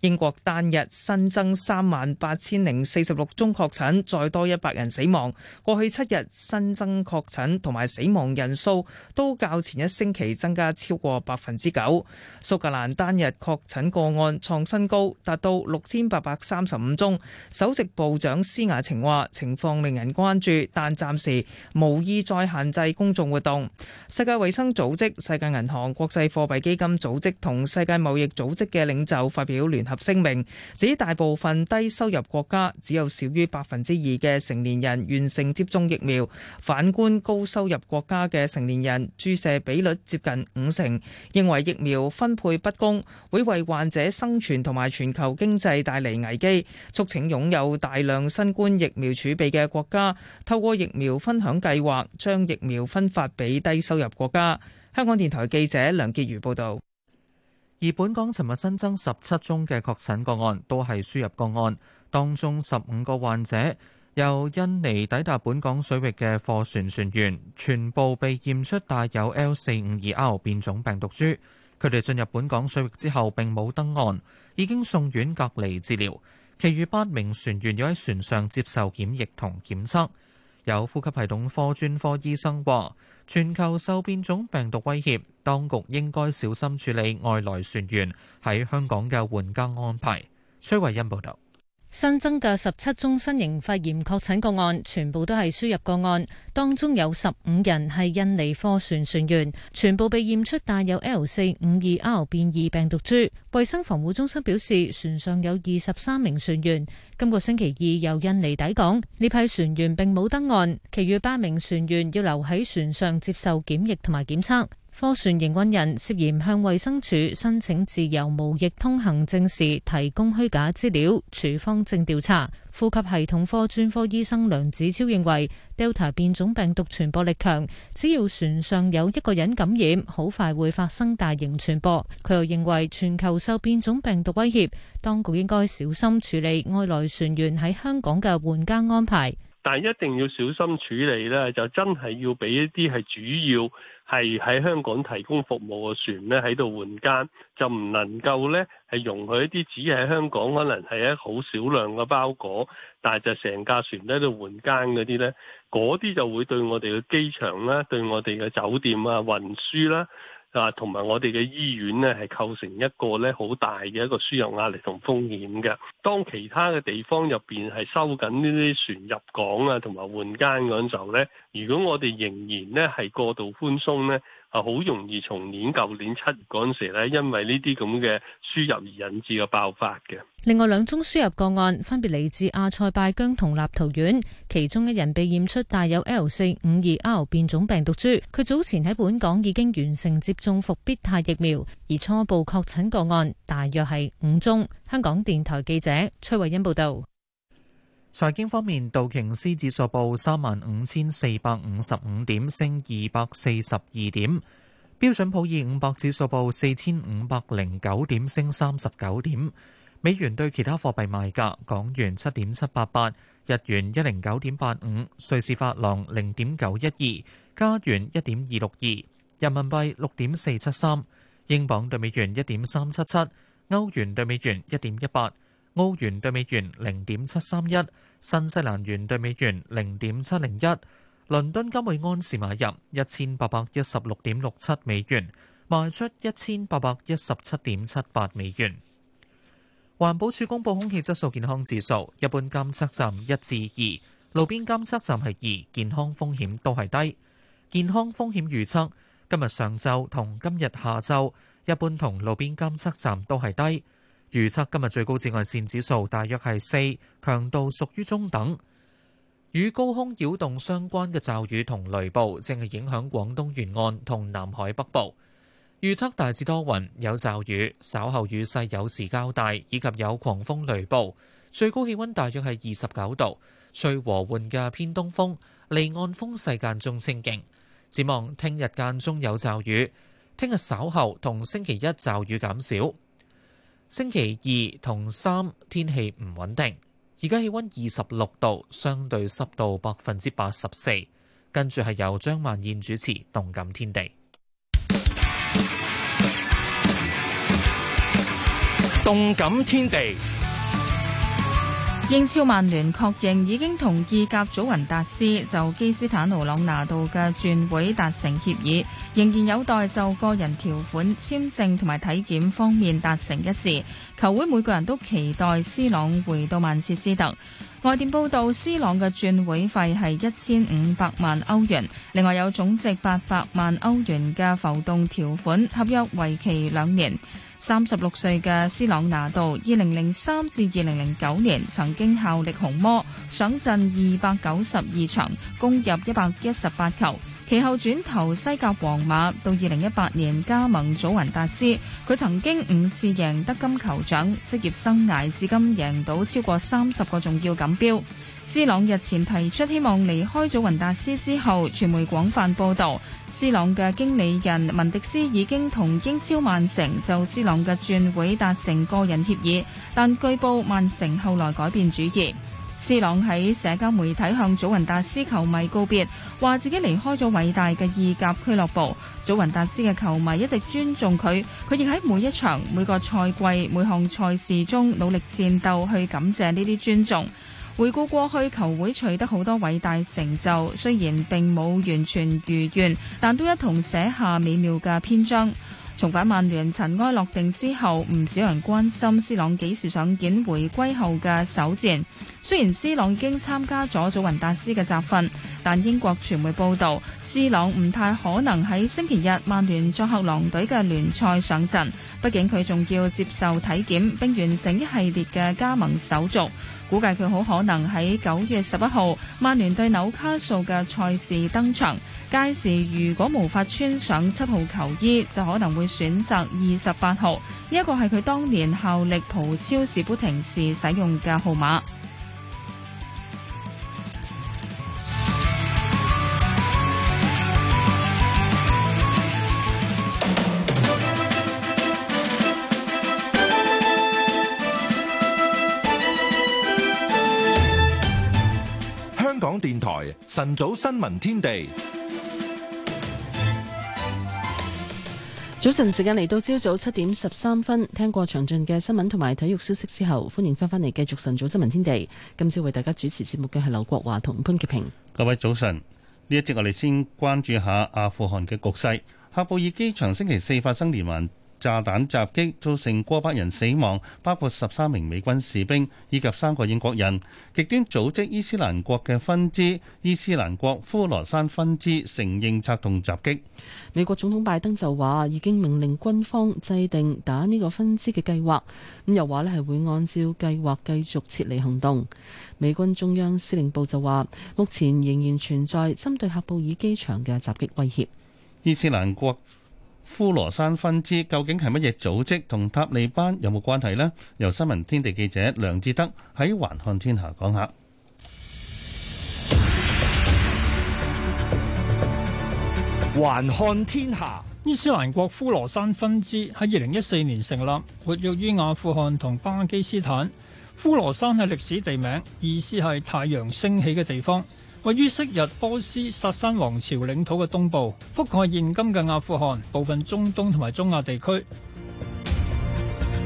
S2: 英國單日新增三萬八千零四十六宗確診，再多一百人死亡。過去七日新增確診同埋死亡人數都較前一星期增加超過百分之九。蘇格蘭單日確診個案創新高，達到六千八百三十五宗。首席部長施雅晴話：情況令人關注，但暫時無意再限制公眾活動。世界衛生組織、世界銀行、國際貨幣基金組織同世界貿易組織嘅領袖發表聯。合聲明指大部分低收入國家只有少於百分之二嘅成年人完成接種疫苗，反觀高收入國家嘅成年人注射比率接近五成。認為疫苗分配不公會為患者生存同埋全球經濟帶嚟危機，促請擁有大量新冠疫苗儲備嘅國家透過疫苗分享計劃將疫苗分發俾低收入國家。香港電台記者梁潔如報導。而本港
S13: 尋日新增十七宗嘅確診個案，都係輸入個案，當中十五個患者由印尼抵達本港水域嘅貨船船員，全部被驗出帶有 L 四五二 R 變種病毒株。佢哋進入本港水域之後並冇登岸，已經送院隔離治療。其餘八名船員要喺船上接受檢疫同檢測。有呼吸系統科專科醫生話：全球受變種病毒威脅，當局應該小心處理外來船員喺香港嘅換更安排。崔惠恩報道。
S12: 新增嘅十七宗新型肺炎確診個案，全部都係輸入個案，當中有十五人係印尼貨船船員，全部被驗出帶有 L 四五二 R 變異病毒株。衛生防護中心表示，船上有二十三名船員，今個星期二由印尼抵港，呢批船員並冇登岸，其餘八名船員要留喺船上接受檢疫同埋檢測。科船營運人涉嫌向衛生署申請自由無疫通行證時提供虛假資料，處方正調查。呼吸系統科專科醫生梁子超認為，Delta 變種病毒傳播力強，只要船上有一個人感染，好快會發生大型傳播。佢又認為，全球受變種病毒威脅，當局應該小心處理外來船員喺香港嘅換家安排。
S14: 但一定要小心處理呢，就真係要俾一啲係主要。係喺香港提供服務嘅船咧，喺度換艙就唔能夠咧，係容許一啲只係香港可能係一好少量嘅包裹，但係就成架船喺度換艙嗰啲咧，嗰啲就會對我哋嘅機場啦，對我哋嘅酒店啊，運輸啦、啊。啊，同埋我哋嘅醫院咧，係構成一個咧好大嘅一個輸入壓力同風險嘅。當其他嘅地方入邊係收緊呢啲船入港啊，同埋換艙嗰陣時候咧，如果我哋仍然咧係過度寬鬆咧。啊，好容易從年舊年七月嗰陣時咧，因為呢啲咁嘅輸入而引致嘅爆發嘅。
S12: 另外兩宗輸入個案分別嚟自阿塞拜疆同立陶宛，其中一人被驗出帶有 L 四五二 R 變種病毒株，佢早前喺本港已經完成接種復必泰疫苗，而初步確診個案大約係五宗。香港電台記者崔慧欣報道。財
S13: 經方面，道瓊斯指數報三萬五千四百五十五點，升二百四十二點；標準普爾五百指數報四千五百零九點，升三十九點。美元對其他貨幣賣價：港元七點七八八，日元一零九點八五，瑞士法郎零點九一二，加元一點二六二，人民幣六點四七三，英鎊對美元一點三七七，歐元對美元一點一八。歐元兌美元零點七三一，新西蘭元兌美元零點七零一，倫敦金每安士買入一千八百一十六點六七美元，賣出一千八百一十七點七八美元。環保署公布空氣質素健康指數，一般監測站一至二，路邊監測站係二，健康風險都係低。健康風險預測今日上晝同今日下晝，一般同路邊監測站都係低。預測今日最高紫外線指數大約係四，強度屬於中等。與高空擾動相關嘅驟雨同雷暴正係影響廣東沿岸同南海北部。預測大致多雲，有驟雨，稍後雨勢有時較大，以及有狂風雷暴。最高氣温大約係二十九度，最和緩嘅偏東風，離岸風勢間中清勁。展望聽日間中有驟雨，聽日稍後同星期一驟雨減少。星期二同三，天氣唔穩定，而家氣温二十六度，相對濕度百分之八十四。跟住係由張曼燕主持《動感天地》，《動感天地》。
S15: 英超曼聯確認已經同意甲祖雲達斯就基斯坦奴朗拿度嘅轉會達成協議，仍然有待就個人條款、簽證同埋體檢方面達成一致。球會每個人都期待斯朗回到曼徹斯特。外電報道，斯朗嘅轉會費係一千五百萬歐元，另外有總值八百萬歐元嘅浮動條款，合約為期兩年。三十六歲嘅斯朗拿度，二零零三至二零零九年曾經效力紅魔，上陣二百九十二場，攻入一百一十八球。其後轉投西甲皇馬，到二零一八年加盟祖雲達斯。佢曾經五次贏得金球獎，職業生涯至今贏到超過三十個重要錦標。斯朗日前提出希望離開祖雲達斯之後，傳媒廣泛報道，斯朗嘅經理人文迪斯已經同英超曼城就斯朗嘅轉會達成個人協議，但據報曼城後來改變主意。斯朗喺社交媒體向祖雲達斯球迷告別，話自己離開咗偉大嘅意甲俱樂部。祖雲達斯嘅球迷一直尊重佢，佢亦喺每一場、每個賽季、每項賽事中努力戰鬥，去感謝呢啲尊重。回顧過去，球會取得好多偉大成就，雖然並冇完全如願，但都一同寫下美妙嘅篇章。重返曼聯塵埃落定之後，唔少人關心斯朗幾時上陣。回歸後嘅首戰，雖然斯朗已經參加咗祖雲達斯嘅集訓，但英國傳媒報導，斯朗唔太可能喺星期日曼聯作客狼隊嘅聯賽上陣，畢竟佢仲要接受體檢並完成一系列嘅加盟手續。估計佢好可能喺九月十一號曼聯對紐卡素嘅賽事登場。屆時如果無法穿上七號球衣，就可能會選擇二十八號。呢、這、一個係佢當年效力葡超士砵亭使用嘅號碼。
S1: 晨早新聞天地，
S3: 早晨時間嚟到，朝早七點十三分，聽過詳盡嘅新聞同埋體育消息之後，歡迎翻返嚟繼續晨早新聞天地。今朝為大家主持節目嘅係劉國華同潘潔平。
S4: 各位早晨，呢一節我哋先關注下阿富汗嘅局勢。喀布爾機場星期四發生連環。炸彈襲擊造成過百人死亡，包括十三名美軍士兵以及三個英國人。極端組織伊斯蘭國嘅分支伊斯蘭國呼羅珊分支承認策動襲擊。
S3: 美國總統拜登就話已經命令軍方制定打呢個分支嘅計劃，咁又話咧係會按照計劃繼續撤離行動。美軍中央司令部就話目前仍然存在針對喀布爾機場嘅襲擊威脅。
S4: 伊斯蘭國呼羅山分支究竟係乜嘢組織？同塔利班有冇關係呢？由新聞天地記者梁志德喺《環看天下》講下。
S7: 環看天下，伊斯蘭國呼羅山分支喺二零一四年成立，活躍於阿富汗同巴基斯坦。呼羅山係歷史地名，意思係太陽升起嘅地方。位於昔日波斯薩山王朝領土嘅東部，覆蓋現今嘅阿富汗、部分中東同埋中亞地區。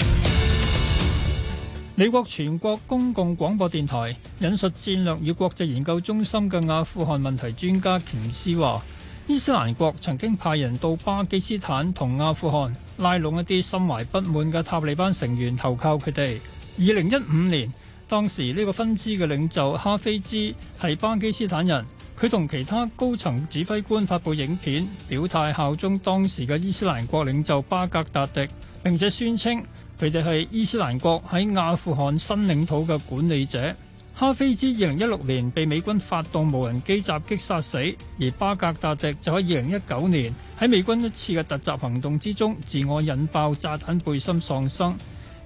S7: 美國全國公共廣播電台引述戰略與國際研究中心嘅阿富汗問題專家瓊斯話：伊斯蘭國曾經派人到巴基斯坦同阿富汗拉攏一啲心懷不滿嘅塔利班成員投靠佢哋。二零一五年。當時呢個分支嘅領袖哈菲茲係巴基斯坦人，佢同其他高層指揮官發布影片，表態效忠當時嘅伊斯蘭國領袖巴格達迪，並且宣稱佢哋係伊斯蘭國喺阿富汗新領土嘅管理者。哈菲茲二零一六年被美軍發動無人機襲擊殺死，而巴格達迪就喺二零一九年喺美軍一次嘅突襲行動之中自我引爆炸彈背心喪生。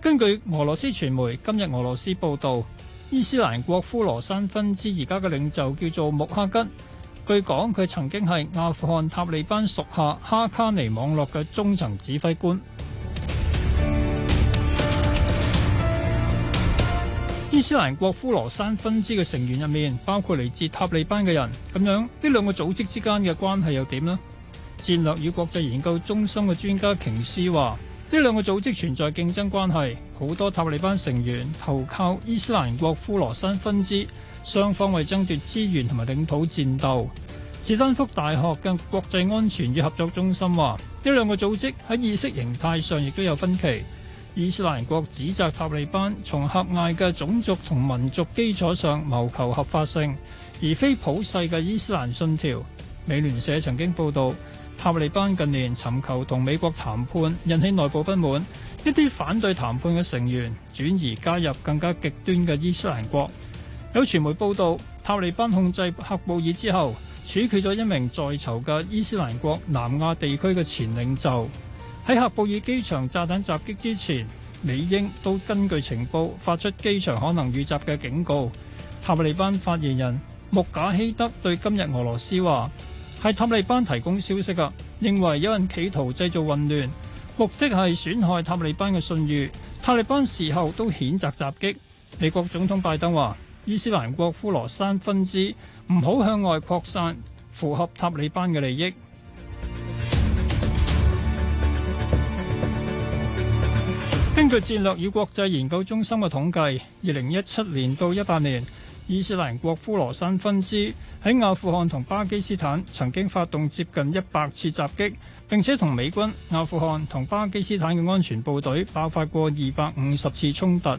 S7: 根據俄羅斯傳媒今日俄羅斯報道，伊斯蘭國呼羅珊分支而家嘅領袖叫做穆克吉，據講佢曾經係阿富汗塔利班屬下哈卡尼網絡嘅中層指揮官。 伊斯蘭國呼羅珊分支嘅成員入面包括嚟自塔利班嘅人，咁樣呢兩個組織之間嘅關係又點呢？戰略與國際研究中心嘅專家瓊斯話。呢兩個組織存在競爭關係，好多塔利班成員投靠伊斯蘭國呼羅珊分支，雙方為爭奪資源同埋領土戰鬥。史丹福大學嘅國際安全與合作中心話：呢兩個組織喺意識形態上亦都有分歧。伊斯蘭國指責塔利班從狹隘嘅種族同民族基礎上謀求合法性，而非普世嘅伊斯蘭信條。美聯社曾經報道。塔利班近年尋求同美國談判，引起內部不滿。一啲反對談判嘅成員轉而加入更加極端嘅伊斯蘭國。有傳媒報道，塔利班控制喀布爾之後，處決咗一名在囚嘅伊斯蘭國南亞地區嘅前領袖。喺喀布爾機場炸彈襲擊之前，美英都根據情報發出機場可能遇襲嘅警告。塔利班發言人穆賈希德對今日俄羅斯話。係塔利班提供消息啊，認為有人企圖製造混亂，目的係損害塔利班嘅信譽。塔利班事後都譴責襲擊。美國總統拜登話：伊斯蘭國呼羅珊分支唔好向外擴散，符合塔利班嘅利益。根據戰略與國際研究中心嘅統計，二零一七年到一八年，伊斯蘭國呼羅珊分支喺阿富汗同巴基斯坦曾經發動接近一百次襲擊，並且同美軍、阿富汗同巴基斯坦嘅安全部隊爆發過二百五十次衝突。二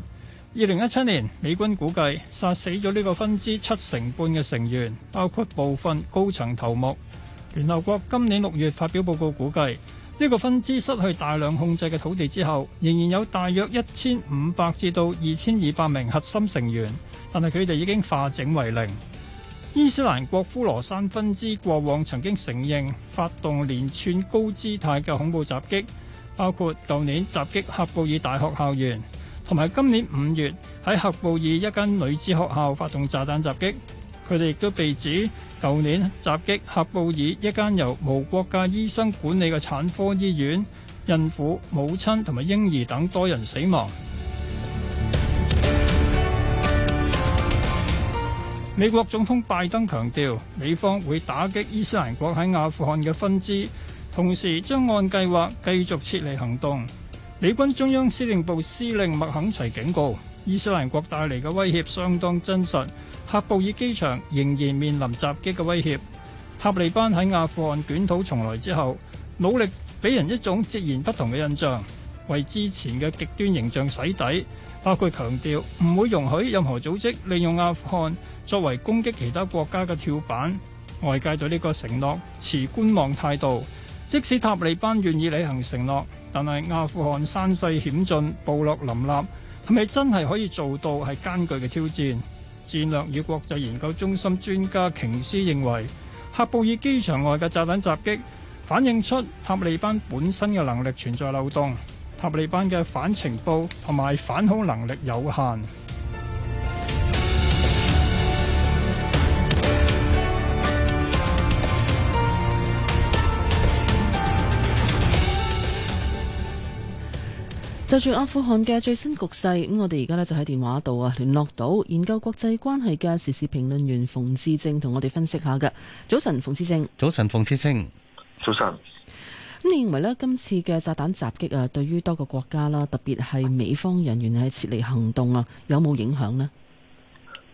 S7: 零一七年，美軍估計殺死咗呢個分支七成半嘅成員，包括部分高層頭目。聯合國今年六月發表報告估計。呢個分支失去大量控制嘅土地之後，仍然有大約一千五百至到二千二百名核心成員，但係佢哋已經化整為零。伊斯蘭國呼羅珊分支過往曾經承認發動連串高姿態嘅恐怖襲擊，包括舊年襲擊喀布爾大學校園，同埋今年五月喺喀布爾一間女子學校發動炸彈襲擊。佢哋亦都被指，舊年襲擊喀布爾一間由無國界醫生管理嘅產科醫院，孕婦、母親同埋嬰兒等多人死亡。 美國總統拜登強調，美方會打擊伊斯蘭國喺阿富汗嘅分支，同時將按計劃繼續撤離行動。美軍中央司令部司令麥肯齊警告。伊斯蘭國帶嚟嘅威脅相當真實，喀布爾機場仍然面臨襲擊嘅威脅。塔利班喺阿富汗捲土重來之後，努力俾人一種截然不同嘅印象，為之前嘅極端形象洗底，包括強調唔會容許任何組織利用阿富汗作為攻擊其他國家嘅跳板。外界對呢個承諾持觀望態度。即使塔利班願意履行承諾，但係阿富汗山勢險峻，部落林立。係咪真係可以做到係艱巨嘅挑戰？戰略與國際研究中心專家瓊斯認為，喀布爾機場外嘅炸彈襲擊反映出塔利班本身嘅能力存在漏洞，塔利班嘅反情報同埋反恐能力有限。
S3: 就住阿富汗嘅最新局勢，咁我哋而家咧就喺電話度啊聯絡到，研究國際關係嘅時事評論員馮志正，同我哋分析下嘅。早晨，馮志正。
S4: 早晨，馮志正。早晨。咁
S3: 你認為呢，今次嘅炸彈襲擊啊，對於多個國家啦，特別係美方人員喺撤離行動啊，有冇影響呢？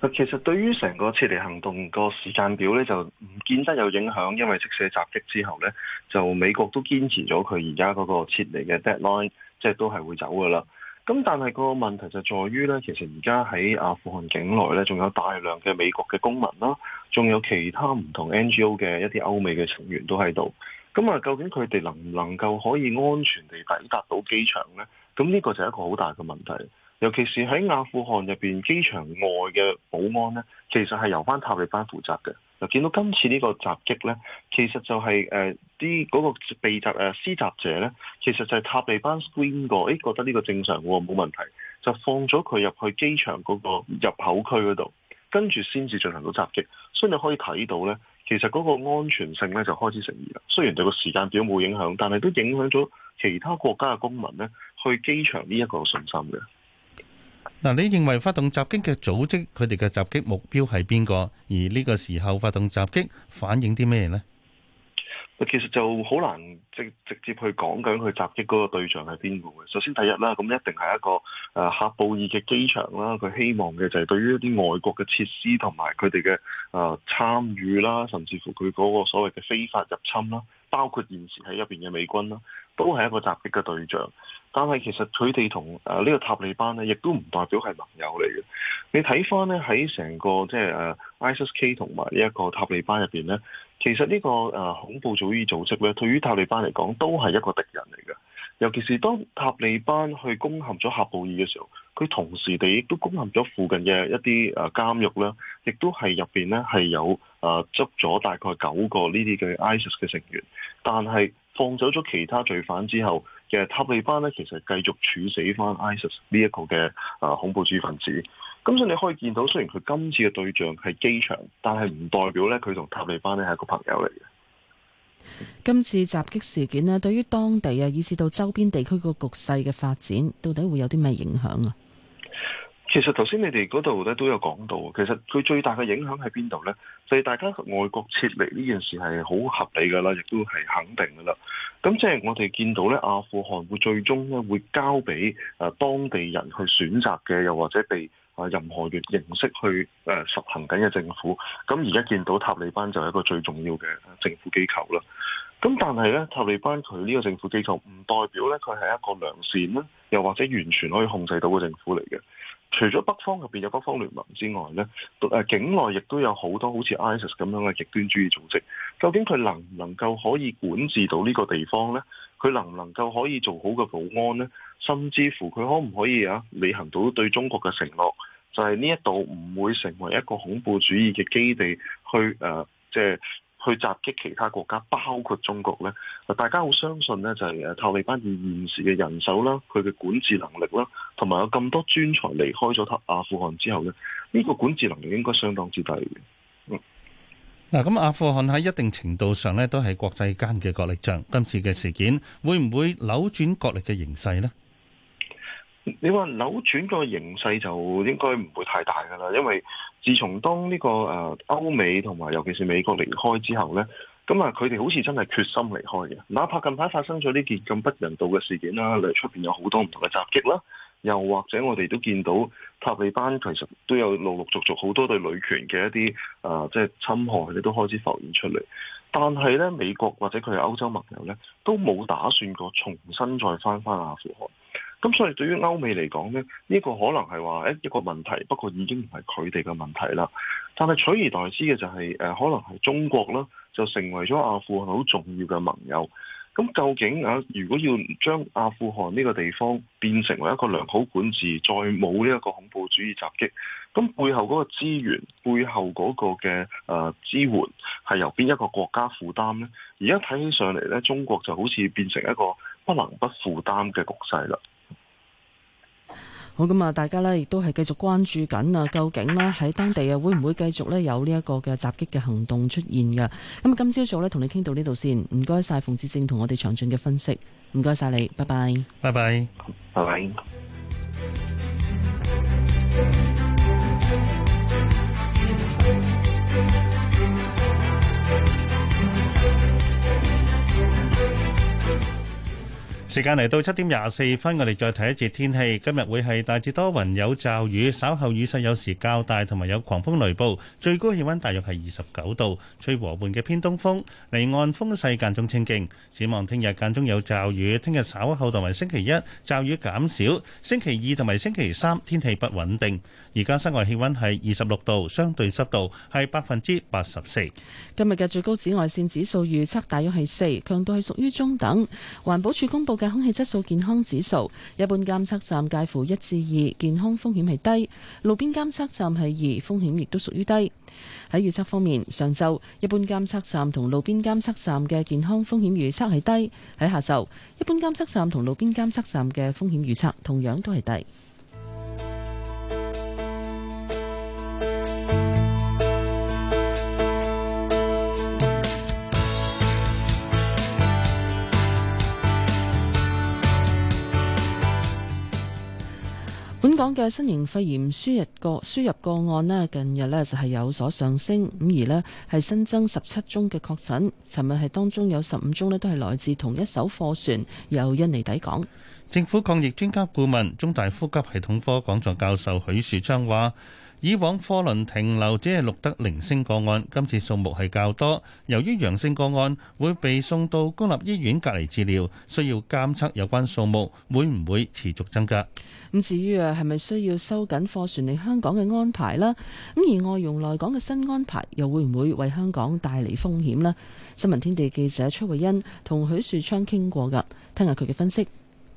S16: 其實對於成個撤離行動個時間表呢，就唔見得有影響，因為即使襲擊之後呢，就美國都堅持咗佢而家嗰個撤離嘅 deadline。即係都係會走噶啦，咁但係個問題就在於呢，其實而家喺阿富汗境內呢，仲有大量嘅美國嘅公民啦，仲有其他唔同 NGO 嘅一啲歐美嘅成員都喺度，咁、嗯、啊，究竟佢哋能唔能夠可以安全地抵達到機場呢？咁、嗯、呢、這個就係一個好大嘅問題，尤其是喺阿富汗入邊機場外嘅保安呢，其實係由翻塔利班負責嘅。就見到今次呢個襲擊呢，其實就係誒啲嗰個被襲誒施、啊、襲者呢，其實就係塔利班 screen 過，誒、哎、覺得呢個正常喎、哦，冇問題，就放咗佢入去機場嗰個入口區嗰度，跟住先至進行到襲擊。所以你可以睇到呢，其實嗰個安全性呢，就開始成疑啦。雖然對個時間表冇影響，但係都影響咗其他國家嘅公民呢，去機場呢一個信心嘅。
S4: 嗱，你認為發動襲擊嘅組織，佢哋嘅襲擊目標係邊個？而呢個時候發動襲擊，反映啲咩呢？
S16: 其實就好難直接直接去講緊佢襲擊嗰個對象係邊個嘅。首先，第一啦，咁一定係一個誒，喀、呃、布爾嘅機場啦。佢希望嘅就係對於一啲外國嘅設施同埋佢哋嘅誒參與啦，甚至乎佢嗰個所謂嘅非法入侵啦，包括現時喺入邊嘅美軍啦。都係一個襲擊嘅對象，但係其實佢哋同誒呢個塔利班咧，亦都唔代表係盟友嚟嘅。你睇翻咧喺成個即係、就、誒、是啊、ISIS-K 同埋呢一個塔利班入邊咧，其實呢、這個誒、啊、恐怖主義組織組織咧，對於塔利班嚟講都係一個敵人嚟嘅。尤其是當塔利班去攻陷咗喀布爾嘅時候，佢同時地亦都攻陷咗附近嘅一啲誒監獄啦，亦都係入邊咧係有誒捉咗大概九個呢啲嘅 ISIS 嘅成員，但係，放走咗其他罪犯之後，嘅塔利班咧其實繼續處死翻 ISIS 呢一個嘅啊恐怖主義分子。咁、嗯、所以你可以見到，雖然佢今次嘅對象係機場，但係唔代表呢佢同塔利班咧係一個朋友嚟嘅。
S3: 今次襲擊事件咧，對於當地啊，以至到周邊地區個局勢嘅發展，到底會有啲咩影響啊？
S16: 其實頭先你哋嗰度咧都有講到，其實佢最大嘅影響喺邊度呢？就係大家外國撤離呢件事係好合理噶啦，亦都係肯定噶啦。咁即係我哋見到咧，阿富汗會最終咧會交俾誒當地人去選擇嘅，又或者被啊任何嘅形式去誒實行緊嘅政府。咁而家見到塔利班就係一個最重要嘅政府機構啦。咁但係咧，塔利班佢呢個政府機構唔代表咧佢係一個良善啦，又或者完全可以控制到嘅政府嚟嘅。除咗北方入面有北方聯盟之外咧，誒境內亦都有好多好似 ISIS 咁樣嘅極端主義組織。究竟佢能唔能夠可以管治到呢個地方咧？佢能唔能夠可以做好嘅保安咧？甚至乎佢可唔可以啊履行到對中國嘅承諾？就係呢一度唔會成為一個恐怖主義嘅基地去，去、呃、誒即係。去襲擊其他國家，包括中國咧，大家好相信咧、就是，就係誒塔利班以現時嘅人手啦，佢嘅管治能力啦，同埋有咁多專才離開咗阿富汗之後咧，呢、這個管治能力應該相當之低。嗯，
S4: 嗱，咁、 啊、阿富汗喺一定程度上咧，都係國際間嘅角力，像今次嘅事件會唔會扭轉角力嘅形勢咧？
S16: 你話扭轉個形勢就應該唔會太大㗎喇，因為自從當呢個誒歐美同埋尤其是美國離開之後呢，咁啊佢哋好似真係決心離開嘅。哪怕近排發生咗呢件咁不人道嘅事件啦，例如出邊有好多唔同嘅襲擊啦，又或者我哋都見到塔利班其實都有陸陸續續好多對女權嘅一啲誒即係侵害咧都開始浮現出嚟。但係呢，美國或者佢哋歐洲盟友呢，都冇打算過重新再返返阿富汗。咁所以對於歐美嚟講呢，呢，呢個可能係話一一個問題，不過已經唔係佢哋嘅問題啦。但係取而代之嘅就係、是、誒、呃、可能係中國啦，就成為咗阿富汗好重要嘅盟友。咁究竟啊，如果要將阿富汗呢個地方變成為一個良好管治，再冇呢一個恐怖主義襲擊，咁背後嗰個資源、背後嗰個嘅誒、呃、支援係由邊一個國家負擔咧？而家睇起上嚟咧，中國就好似變成一個不能不負擔嘅局勢啦。
S3: 好咁啊！大家呢亦都係繼續關注緊啊，究竟呢喺當地啊會唔會繼續呢？有呢一個嘅襲擊嘅行動出現嘅？咁今朝早呢，同你傾到呢度先，唔該晒馮志正同我哋詳盡嘅分析，唔該晒你，拜拜，
S4: 拜拜，拜拜。拜拜時間嚟到七點廿四分，我哋再睇一節天氣。今日會係大致多雲，有驟雨，稍後雨勢有時較大，同埋有狂風雷暴。最高氣溫大約係二十九度，吹和緩嘅偏東風。離岸風勢間中清勁。展望聽日間中有驟雨，聽日稍後同埋星期一驟雨減少，星期二同埋星期三天氣不穩定。而家室外氣溫係二十六度，相對濕度係百分之八十四。
S3: 今日嘅最高紫外線指數預測大約係四，強度係屬於中等。環保署公布嘅空氣質素健康指數，一般監測站介乎一至二，健康風險係低；路邊監測站係二，風險亦都屬於低。喺預測方面，上晝一般監測站同路邊監測站嘅健康風險預測係低；喺下晝一般監測站同路邊監測站嘅風險預測同樣都係低。本港嘅新型肺炎輸入個輸入個案呢，近日呢就係有所上升，咁而呢，係新增十七宗嘅確診，尋日係當中有十五宗呢都係來自同一艘貨船由印尼抵港。
S4: 政府抗疫專家顧問、中大呼吸系統科講座教授許樹昌話。以往貨輪停留只係錄得零星個案，今次數目係較多。由於陽性個案會被送到公立醫院隔離治療，需要監測有關數目會唔會持續增加？咁
S3: 至於啊，係咪需要收緊貨船嚟香港嘅安排啦？咁而外傭來港嘅新安排又會唔會為香港帶嚟風險咧？新聞天地記者崔慧欣同許樹昌傾過㗎，聽下佢嘅分析。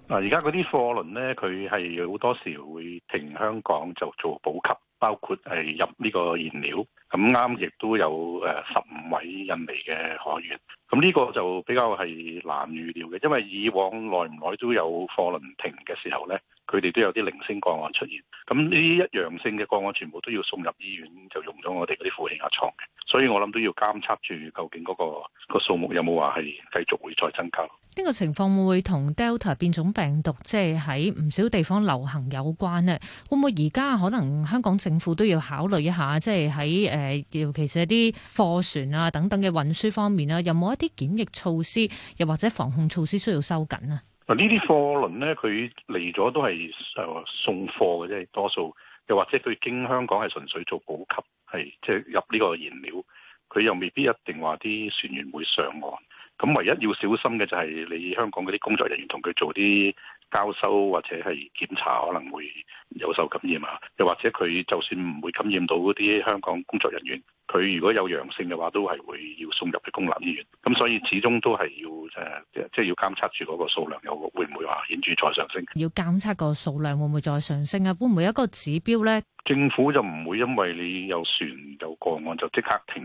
S17: 嗱，而家嗰啲貨輪咧，佢係好多時會停香港就做補給。包括呃入呢個燃料。咁啱，亦都有誒十五位印尼嘅學員。咁呢個就比較係難預料嘅，因為以往耐唔耐都有貨輪停嘅時候咧，佢哋都有啲零星個案出現，咁呢一陽性嘅個案全部都要送入醫院，就用咗我哋嗰啲負氣壓牀嘅。所以我諗都要監測住究竟嗰、嗰個、嗰個數目有冇話係繼續會再增加。
S12: 呢個情況會同 Delta 變種病毒即係喺唔少地方流行有關咧？會唔會而家可能香港政府都要考慮一下，即係喺誒？誒，尤其是啲貨船啊等等嘅運輸方面啊，有冇一啲檢疫措施，又或者防控措施需要收緊啊？
S17: 呢啲貨輪呢，佢嚟咗都係誒送貨嘅啫，多數又或者佢經香港係純粹做補給，係即係入呢個燃料，佢又未必一定話啲船員會上岸。咁唯一要小心嘅就係你香港嗰啲工作人員同佢做啲，交收或者係檢查，可能會有受感染啊，又或者佢就算唔會感染到嗰啲香港工作人員，佢如果有陽性嘅話，都係會要送入去公立醫院。咁所以始終都係要誒，即係要監測住嗰個數量有會唔會話顯著再上升。
S12: 要監測個數量會唔會再上升啊，會唔會一個指標咧？
S17: 政府就唔會因為你有船有個案就即刻停，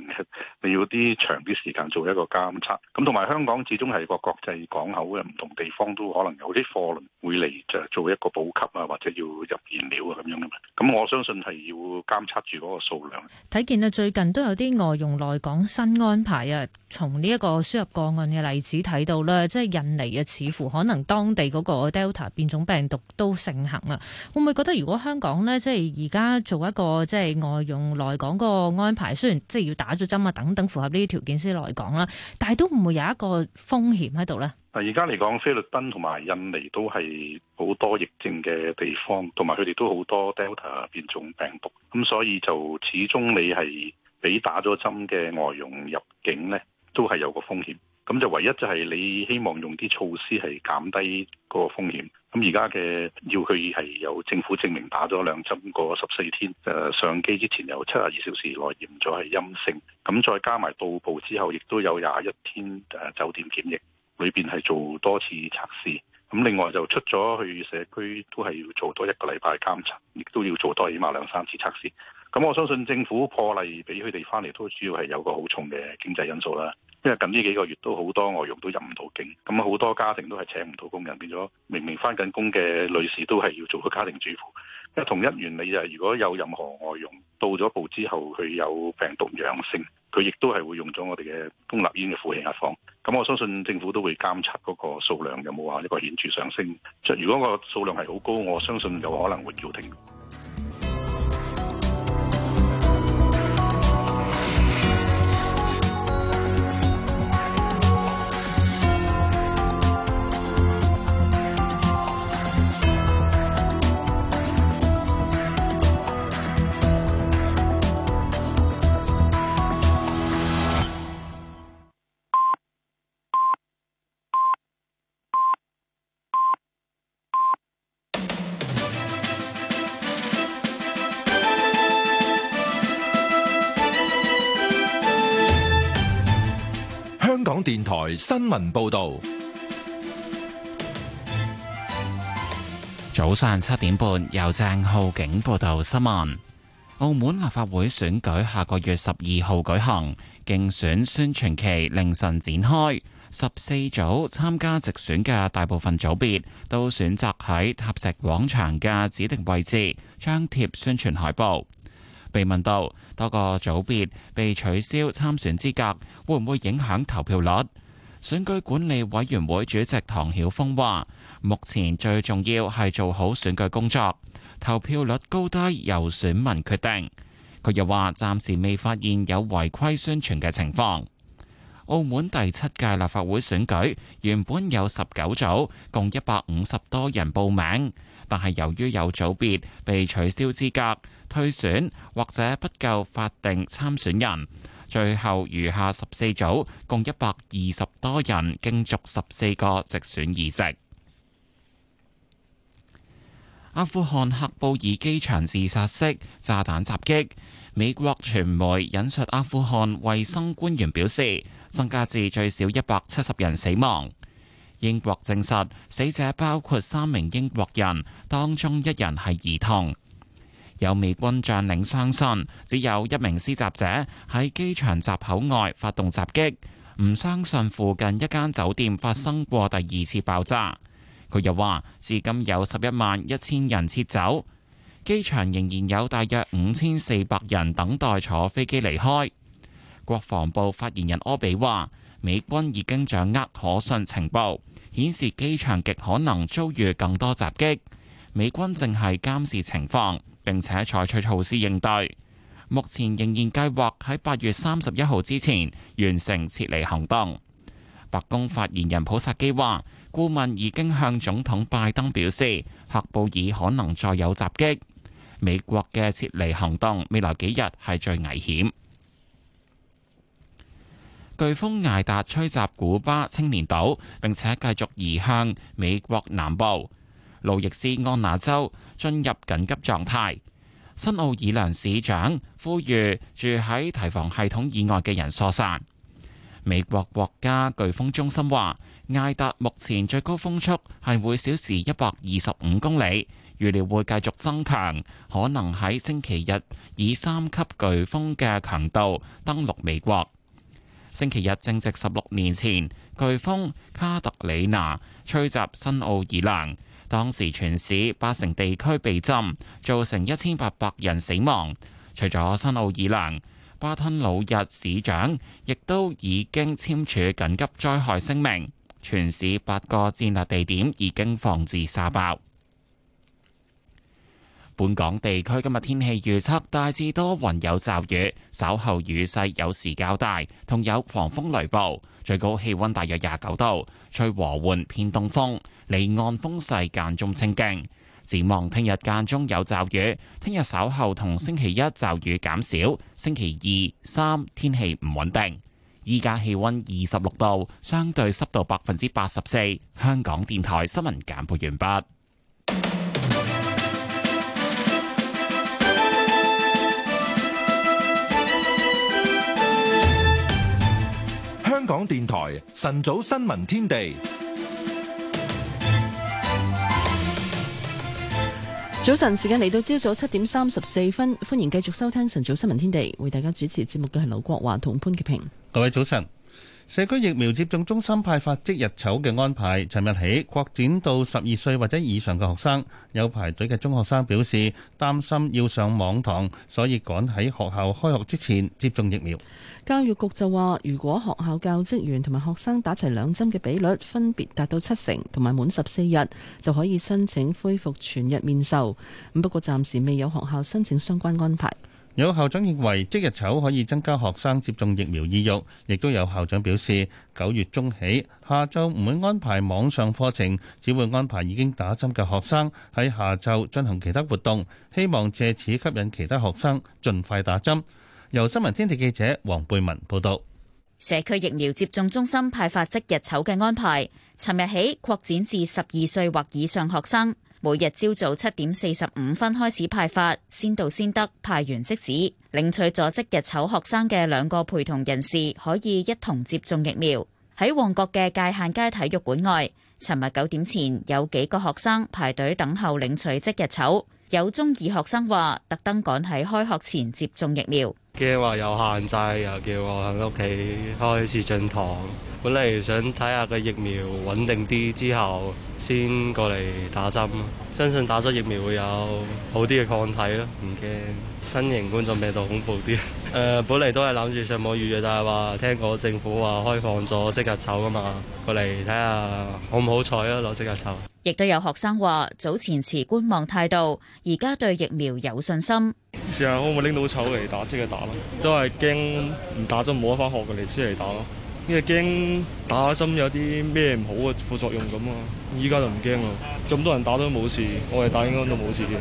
S17: 你要啲長啲時間做一個監測。咁同埋香港始終係個國際港口，嘅唔同地方都可能有啲貨輪會嚟，就做一個補給啊，或者要入燃料啊咁樣嘅。咁我相信係要監測住嗰個數量。
S12: 睇見啊，最近都有啲外傭來港新安排啊。從呢一個輸入個案嘅例子睇到咧，即係印尼呀，似乎可能當地嗰個 Delta 變種病毒都盛行啦。會唔會覺得如果香港咧，即係而家做一個即係外傭來港個安排，雖然即係要打咗針啊等等符合呢啲條件先來港啦，但係都唔會有一個風險喺度咧？
S17: 嗱，而家嚟講，菲律賓同埋印尼都係好多疫症嘅地方，同埋佢哋都好多 Delta 變種病毒，咁所以就始終你係俾打咗針嘅外傭入境咧？都係有個風險，咁就唯一就係你希望用啲措施係減低個風險。咁而家嘅要佢係由政府證明打咗兩針過十四天，誒、呃、上機之前有七十二小時內驗咗係陰性，咁再加埋到步之後，亦都有廿一天誒、呃、酒店檢疫，裏邊係做多次測試。咁另外就出咗去社區都係要做多一個禮拜監察，亦都要做多起碼兩三次測試。咁我相信政府破例俾佢哋翻嚟，都主要係有個好重嘅經濟因素啦。因為近呢幾個月都好多外傭都入唔到境，咁好多家庭都係請唔到工人，變咗明明翻緊工嘅女士都係要做個家庭主婦。因為同一原理就係如果有任何外傭到咗步之後，佢有病毒陽性。佢亦都係會用咗我哋嘅公立醫院嘅負氣壓房，咁我相信政府都會監察嗰個數量有冇話一個顯著上升。即如果個數量係好高，我相信有可能會叫停。
S1: 台新聞報道，
S9: 早上七點半由鄭浩景報道新聞。澳門立法會選舉下個月十二號舉行，競選宣傳期凌晨展開。十四組參加直選嘅大部分組別都選擇喺塔石廣場嘅指定位置張貼宣傳海報。被問到多個組別被取消參選資格，會唔會影響投票率？選舉管理委員會主席唐曉峰話：目前最重要係做好選舉工作，投票率高低由選民決定。佢又話：暫時未發現有違規宣傳嘅情況。澳門第七屆立法會選舉原本有十九組共一百五十多人報名，但係由於有組別被取消資格、退選或者不夠法定參選人。最後餘下十四組，共一百二十多人競逐十四個直選議席。阿富汗喀布爾機場自殺式炸彈襲擊，美國傳媒引述阿富汗衛生官員表示，增加至最少一百七十人死亡。英國證實死者包括三名英國人，當中一人係兒童。有美軍將領相信，只有一名施襲者喺機場閘口外發動襲擊，唔相信附近一間酒店發生過第二次爆炸。佢又話，至今有十一萬一千人撤走，機場仍然有大約五千四百人等待坐飛機離開。國防部發言人柯比話，美軍已經掌握可信情報，顯示機場極可能遭遇更多襲擊。美軍正係監視情況，並且採取措施應對。目前仍然計劃喺八月三十一號之前完成撤離行動。白宮發言人普薩基話，顧問已經向總統拜登表示，喀布爾可能再有襲擊。美國嘅撤離行動未來幾日係最危險。颶風艾達吹襲古巴青年島，並且繼續移向美國南部。路易斯安那州進入緊急狀態。新奧爾良市長呼籲住喺提防系統以外嘅人疏散。美國國家颶風中心話，艾達目前最高風速係每小時一百二十五公里，預料會繼續增強，可能喺星期日以三級颶風嘅強度登陸美國。星期日正值十六年前颶風卡特里娜吹襲新奧爾良。當時全市八成地區被浸，造成一千八百人死亡。除咗新奧爾良，巴吞魯日市長亦都已經簽署緊急災害聲明。全市八個戰略地點已經放置沙暴。本港地區今日天，天氣預測大致多雲有驟雨，稍後雨勢有時較大，同有狂風雷暴。最高氣温大約廿九度，吹和緩偏東風。離岸風勢間中清勁，展望聽日間中有驟雨，聽日稍後同星期一驟雨減少，星期二、三天氣唔穩定。依家氣溫二十六度，相對濕度百分之八十四。香港電台新聞簡報完畢。
S1: 香港電台晨早新聞天地。
S3: 早晨，時間嚟到朝早七點三十四分，歡迎繼續收聽晨早新聞天地，為大家主持節目嘅係劉國華同潘潔平。
S4: 各位早晨。社區疫苗接種中心派發即日籌嘅安排，尋日起擴展到十二歲或者以上嘅學生。有排隊嘅中學生表示擔心要上網堂，所以趕喺學校開學之前接種疫苗。
S3: 教育局就話，如果學校教職員同埋學生打齊兩針嘅比率分別達到七成，同埋滿十四日，就可以申請恢復全日面授。咁不過暫時未有學校申請相關安排。
S4: 有校長認為即日醜可以增加學生接種疫苗意欲，亦都有校長表示，九月中起下晝唔會安排網上課程，只會安排已經打針嘅學生喺下晝進行其他活動，希望借此吸引其他學生盡快打針。由新聞天地記者黃貝文報道。
S10: 社區疫苗接種中心派發即日醜嘅安排，尋日起擴展至十二歲或以上學生。每日朝早七點四十五分開始派發，先到先得，派完即止。領取咗即日籌學生嘅兩個陪同人士可以一同接種疫苗。喺旺角嘅界限街體育館外，尋日九點前有幾個學生排隊等候領取即日籌。有中二學生話，特登趕喺開學前接種疫苗，
S4: 驚話有限
S11: 制，又叫我喺屋企開始進堂。本嚟想睇下個疫苗穩定啲之後先過嚟打針，相信打咗疫苗會有好啲嘅抗體咯，唔驚。新型冠狀病毒恐怖啲，誒、呃，本嚟都係諗住上網預約，但係話聽講政府話開放咗即日籌噶嘛，過嚟睇下好唔好彩啊，攞即日籌。
S10: 亦都有學生話，早前持觀望態度，而家對疫苗有信心。
S11: 試下我可唔可拎到籌嚟打？即係打啦，都係驚唔打針冇得返學嘅嚟先嚟打咯。因為驚打針有啲咩唔好嘅副作用咁啊。依家就唔驚啦。咁多人打都冇事，我哋打應該都冇事嘅。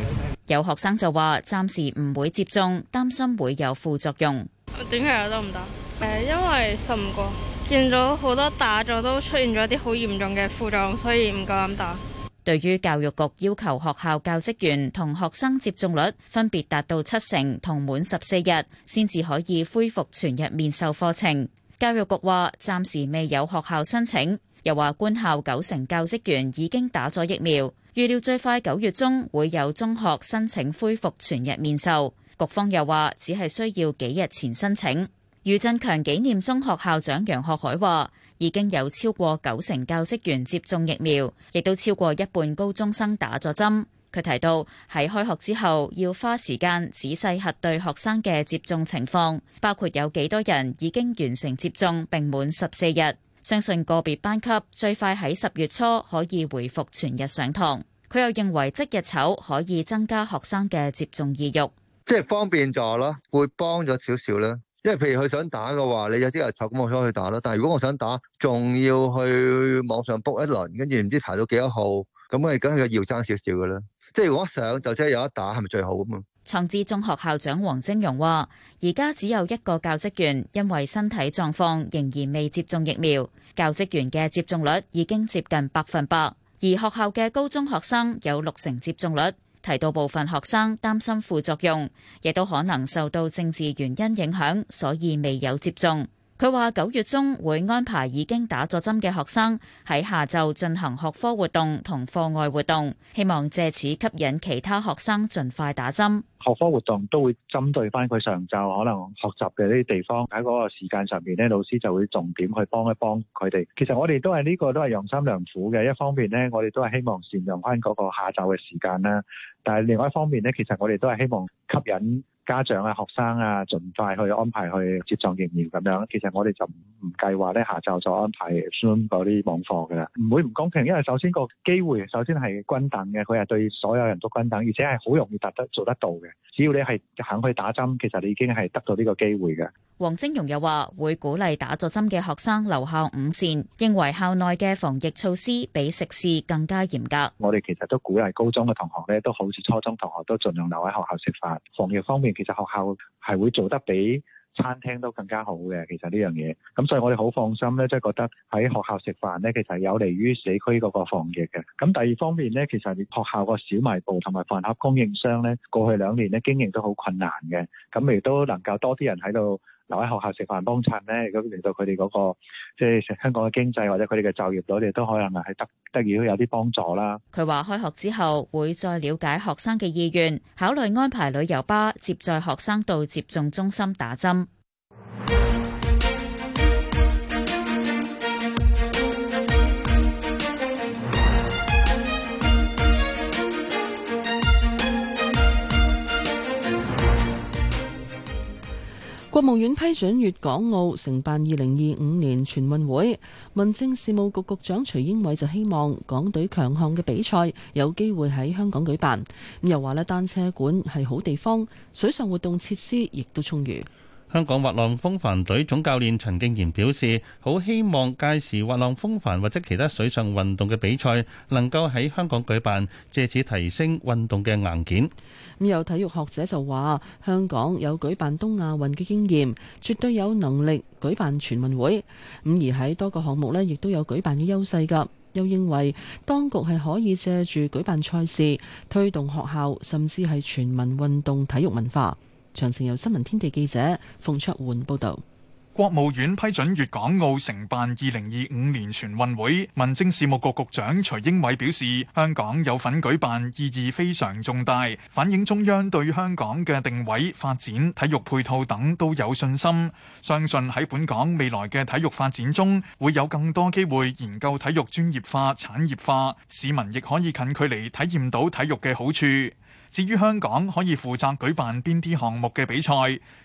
S10: 有學生就話暫時唔會接種，擔心會有副作用。
S7: 點解
S6: 我都唔打？誒、呃，因為信唔過見到好多打咗都出現咗啲好嚴
S10: 重嘅副作用，所以唔夠膽打。對於教育局要求學校教職員同學生接種率分別達到七成同滿十四日，先至可以恢復全日面授課程。教育局話暫時未有學校申請，又話官校九成教職員已經打咗疫苗，預料最快九月中會有中學申請恢復全日面授。局方又話只係需要幾日前申請。余振強紀念中學校校長楊學海話。已經有超過九成教職員接種疫苗，亦都超過一半高中生打咗針。佢提到喺開學之後要花時間仔細核對學生嘅接種情況，包括有幾多人已經完成接種並滿十四日。相信個別班級最快喺十月初可以回復全日上堂。佢又認為即日籌可以增加學生嘅接種意欲，即係方便咗咯，會幫咗少少啦。
S18: 因為譬如佢想打嘅話，你有啲人湊，咁我想去打啦。但係如果我想打，仲要去網上 book 一輪，跟住唔知排到幾多號，咁係梗係要爭少少嘅啦。即係如果一想就即係有得打，係咪最好啊？嘛？
S10: 創智中學校長黃晶蓉話，而家只有一個教職員因為身體狀況仍然未接種疫苗，教職員嘅接種率已經接近百分百，而學校嘅高中學生有六成接種率。提到部分學生擔心副作用，亦都可能受到政治原因影響，所以未有接種。佢話：九月中會安排已經打咗針嘅學生喺下晝進行學科活動同課外活動，希望借此吸引其他學生盡快打針。
S18: 學科活動都會針對翻佢上晝可能學習嘅呢啲地方喺嗰個時間上面咧，老師就會重點去幫一幫佢哋。其實我哋都係呢個都係用心良苦嘅，一方面咧，我哋都係希望善用翻嗰個下晝嘅時間啦。但係另外一方面咧，其實我哋都係希望吸引。家長啊、學生啊，盡快去安排去接種疫苗咁樣。其實我哋就唔計劃咧，下晝再安排上嗰啲網課㗎啦。唔會唔公平，因為首先個機會首先係均等嘅，佢係對所有人都均等，而且係好容易達得做得到嘅。只要你係肯去打針，其實你已經係得到呢個機會嘅。
S10: 黃晶容又話：會鼓勵打咗針嘅學生留校午膳，認為校內嘅防疫措施比食肆更加嚴格。
S18: 我哋其實都鼓勵高中嘅同學咧，都好似初中同學都盡量留喺學校食飯。防疫方面。其實學校係會做得比餐廳都更加好嘅，其實呢樣嘢，咁所以我哋好放心咧，即係覺得喺學校食飯咧，其實係有利於社區嗰個防疫嘅。咁第二方面咧，其實學校個小賣部同埋飯盒供應商咧，過去兩年咧經營都好困難嘅，咁亦都能夠多啲人喺度。留喺學校食飯幫襯咧，如果令到佢哋嗰個即係香港嘅經濟或者佢哋嘅就業比例都可能係得得而有啲幫助啦。
S10: 佢話開學之後會再了解學生嘅意願，考慮安排旅遊巴接載學生到接種中心打針。
S3: 國務院批准粵港澳承辦二零二五年全運會，民政事務局局長徐英偉就希望港隊強項嘅比賽有機會喺香港舉辦。又話咧，單車館係好地方，水上活動設施亦都充裕。
S4: 香港滑浪風帆隊總教練陳敬然表示：好希望屆時滑浪風帆或者其他水上運動嘅比賽能夠喺香港舉辦，借此提升運動嘅硬件。咁、
S3: 嗯、有體育學者就話香港有舉辦東亞運嘅經驗，絕對有能力舉辦全運會，咁、嗯、而喺多個項目呢，亦都有舉辦嘅優勢㗎。又認為當局係可以借住舉辦賽事推動學校，甚至係全民運動體育文化。詳情由新聞天地記者馮卓桓報道。
S11: 國務院批准粵港澳承辦二零二五年全運會。民政事務局局長徐英偉表示，香港有份舉辦意義非常重大，反映中央對香港嘅定位、發展、體育配套等都有信心。相信喺本港未來嘅體育發展中，會有更多機會研究體育專業化、產業化，市民亦可以近距離體驗到體育嘅好處。至於香港可以負責舉辦邊啲項目嘅比賽，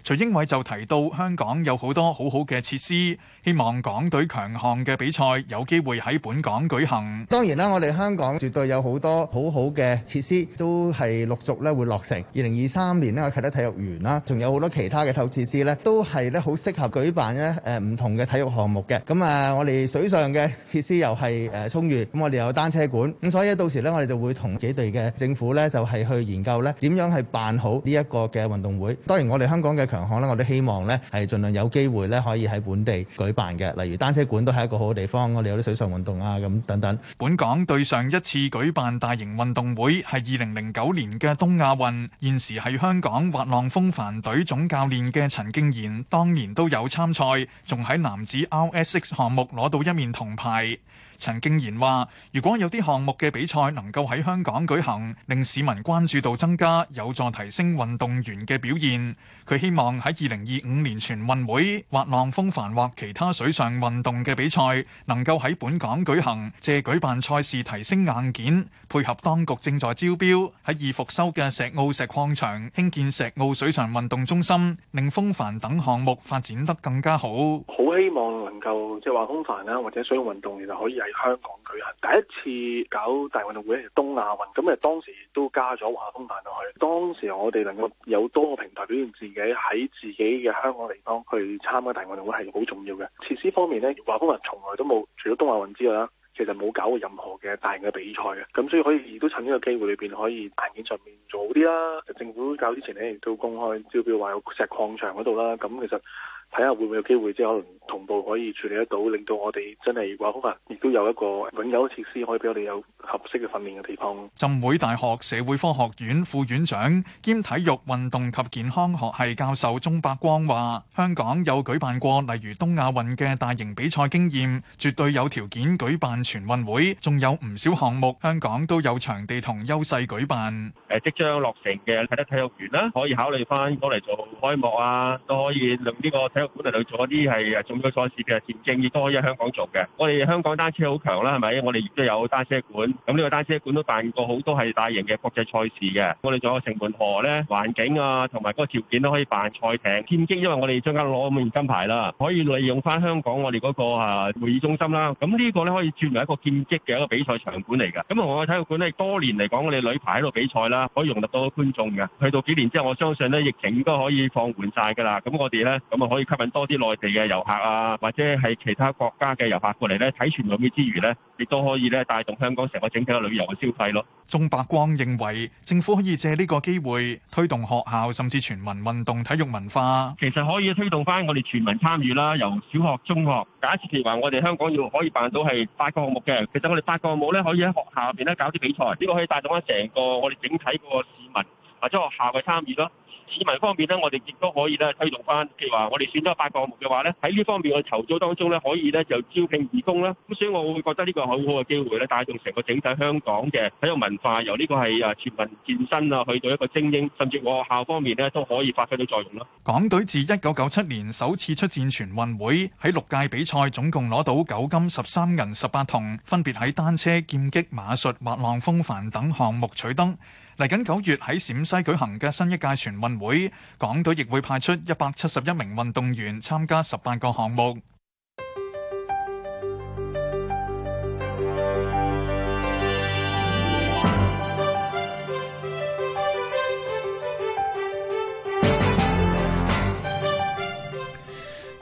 S11: 徐英偉就提到香港有好多好好嘅設施，希望港隊強項嘅比賽有機會喺本港舉行。當然啦，我哋香港絕對有好多好好嘅設施，都係陸續咧會落成。二零二三年呢，我啟德體育園啦，仲有好多其他嘅設施呢，都係咧好適合舉辦咧誒唔同嘅體育項目嘅。咁啊，我哋水上嘅設施又係誒充裕，咁我哋有單車館，咁所以到時呢，我哋就會同幾隊嘅政府呢，就係去研。研究咧點樣係辦好呢一個嘅運動會？當然我哋香港嘅強項咧，我都希望咧係盡量有機會咧可以喺本地舉辦嘅，例如單車館都係一個好地方，我哋有啲水上運動啊咁等等。本港對上一次舉辦大型運動會係二零零九年嘅東亞運，現時係香港滑浪風帆隊總教練嘅陳敬賢，當年都有參賽，仲喺男子 RSX 項目攞到一面銅牌。陳敬然，話如果有啲項目嘅比賽能夠喺香港舉行，令市民關注度增加，有助提升運動員嘅表現。佢希望喺二零二五年全運會滑浪風帆或其他水上運動嘅比賽能夠喺本港舉行，借舉辦賽事提升硬件，配合當局正在招標喺二復修嘅石澳石礦場興建石澳水上運動中心，令風帆等項目發展得更加好。
S18: 好希望能夠即係話風帆啊或者水上運動，其實可以喺香港舉行。第一次搞大運動會，係東亞運，咁啊當時都加咗滑風帆落去。當時我哋能夠有多個平台表現自。喺自己嘅香港地方去參加大運動會係好重要嘅。設施方面咧，華僑人從來都冇除咗東亞運之外啦，其實冇搞過任何嘅大型嘅比賽嘅。咁所以可以亦都趁呢個機會裏邊可以大面上面做好啲啦。政府搞之前咧亦都公開招標話有石礦場嗰度啦。咁其實。睇下會唔會有機會，即係可能同步可以處理得到，令到我哋真係話好啊，亦都有一個永久設施可以俾我哋有合適嘅訓練嘅地方。
S11: 浸會大學社會科學院副院長兼體育運動及健康學系教授鍾伯光話，香港有舉辦過例如東亞運嘅大型比賽經驗，絕對有條件舉辦全運會，仲有唔少項目香港都有場地同優勢舉辦。
S14: 誒，即將落成嘅體育園啦，可以考慮翻過嚟做開幕啊，都可以令呢、這個。體育館係度做啲係啊，重要賽事嘅田徑亦都可以喺香港做嘅。我哋香港單車好強啦，係咪？我哋亦都有單車館，咁呢個單車館都辦過好多係大型嘅國際賽事嘅。我哋仲有城門河咧，環境啊同埋嗰個條件都、啊啊、可以辦賽艇、劍擊。因為我哋最近攞咗面金牌啦，可以利用翻香港我哋嗰個啊會議中心啦。咁呢個咧可以轉為一個劍擊嘅一個比賽場館嚟嘅。咁啊，我嘅體育館咧，多年嚟講，我哋女排喺度比賽啦，可以容納到觀眾嘅。去到幾年之後，我相信咧，疫情應該可以放緩晒噶啦。咁我哋咧，咁啊可以。吸引多啲內地嘅遊客啊，或者係其他國家嘅遊客過嚟咧，睇全運會之餘咧，亦都可以咧帶動香港成個整體嘅旅遊嘅消費咯。
S11: 鍾伯光認為政府可以借呢個機會推動學校甚至全民運動體育文化。其實可以推動翻我哋全民參與啦，由小學、中學，假設譬如話我哋香港要可以辦到係八個項目嘅，其實我
S14: 哋八個項目咧可以喺學校入邊咧搞啲比賽，呢個可以帶動翻成個我哋整體個市民或者學校嘅參與咯。市民方面咧，我哋亦都可以咧推動翻，譬如話，我哋選咗八個項目嘅話咧，喺呢方面嘅籌組當中咧，可以咧就招聘義工啦。咁所以我會覺得呢個係好好嘅機會咧，帶動成個整體香港嘅體育文化，由呢個係誒全民健身啊，去到一個精英，甚至我學校方面咧都可以發揮到作用咯。
S11: 港隊自一九九七年首次出戰全運會，喺六屆比賽總共攞到九金十三銀十八銅，分別喺單車、劍擊、馬術、滑浪風帆等項目取得。嚟緊九月喺陝西舉行嘅新一屆全運會，港隊亦會派出一百七十一名運動員參加十八個項目。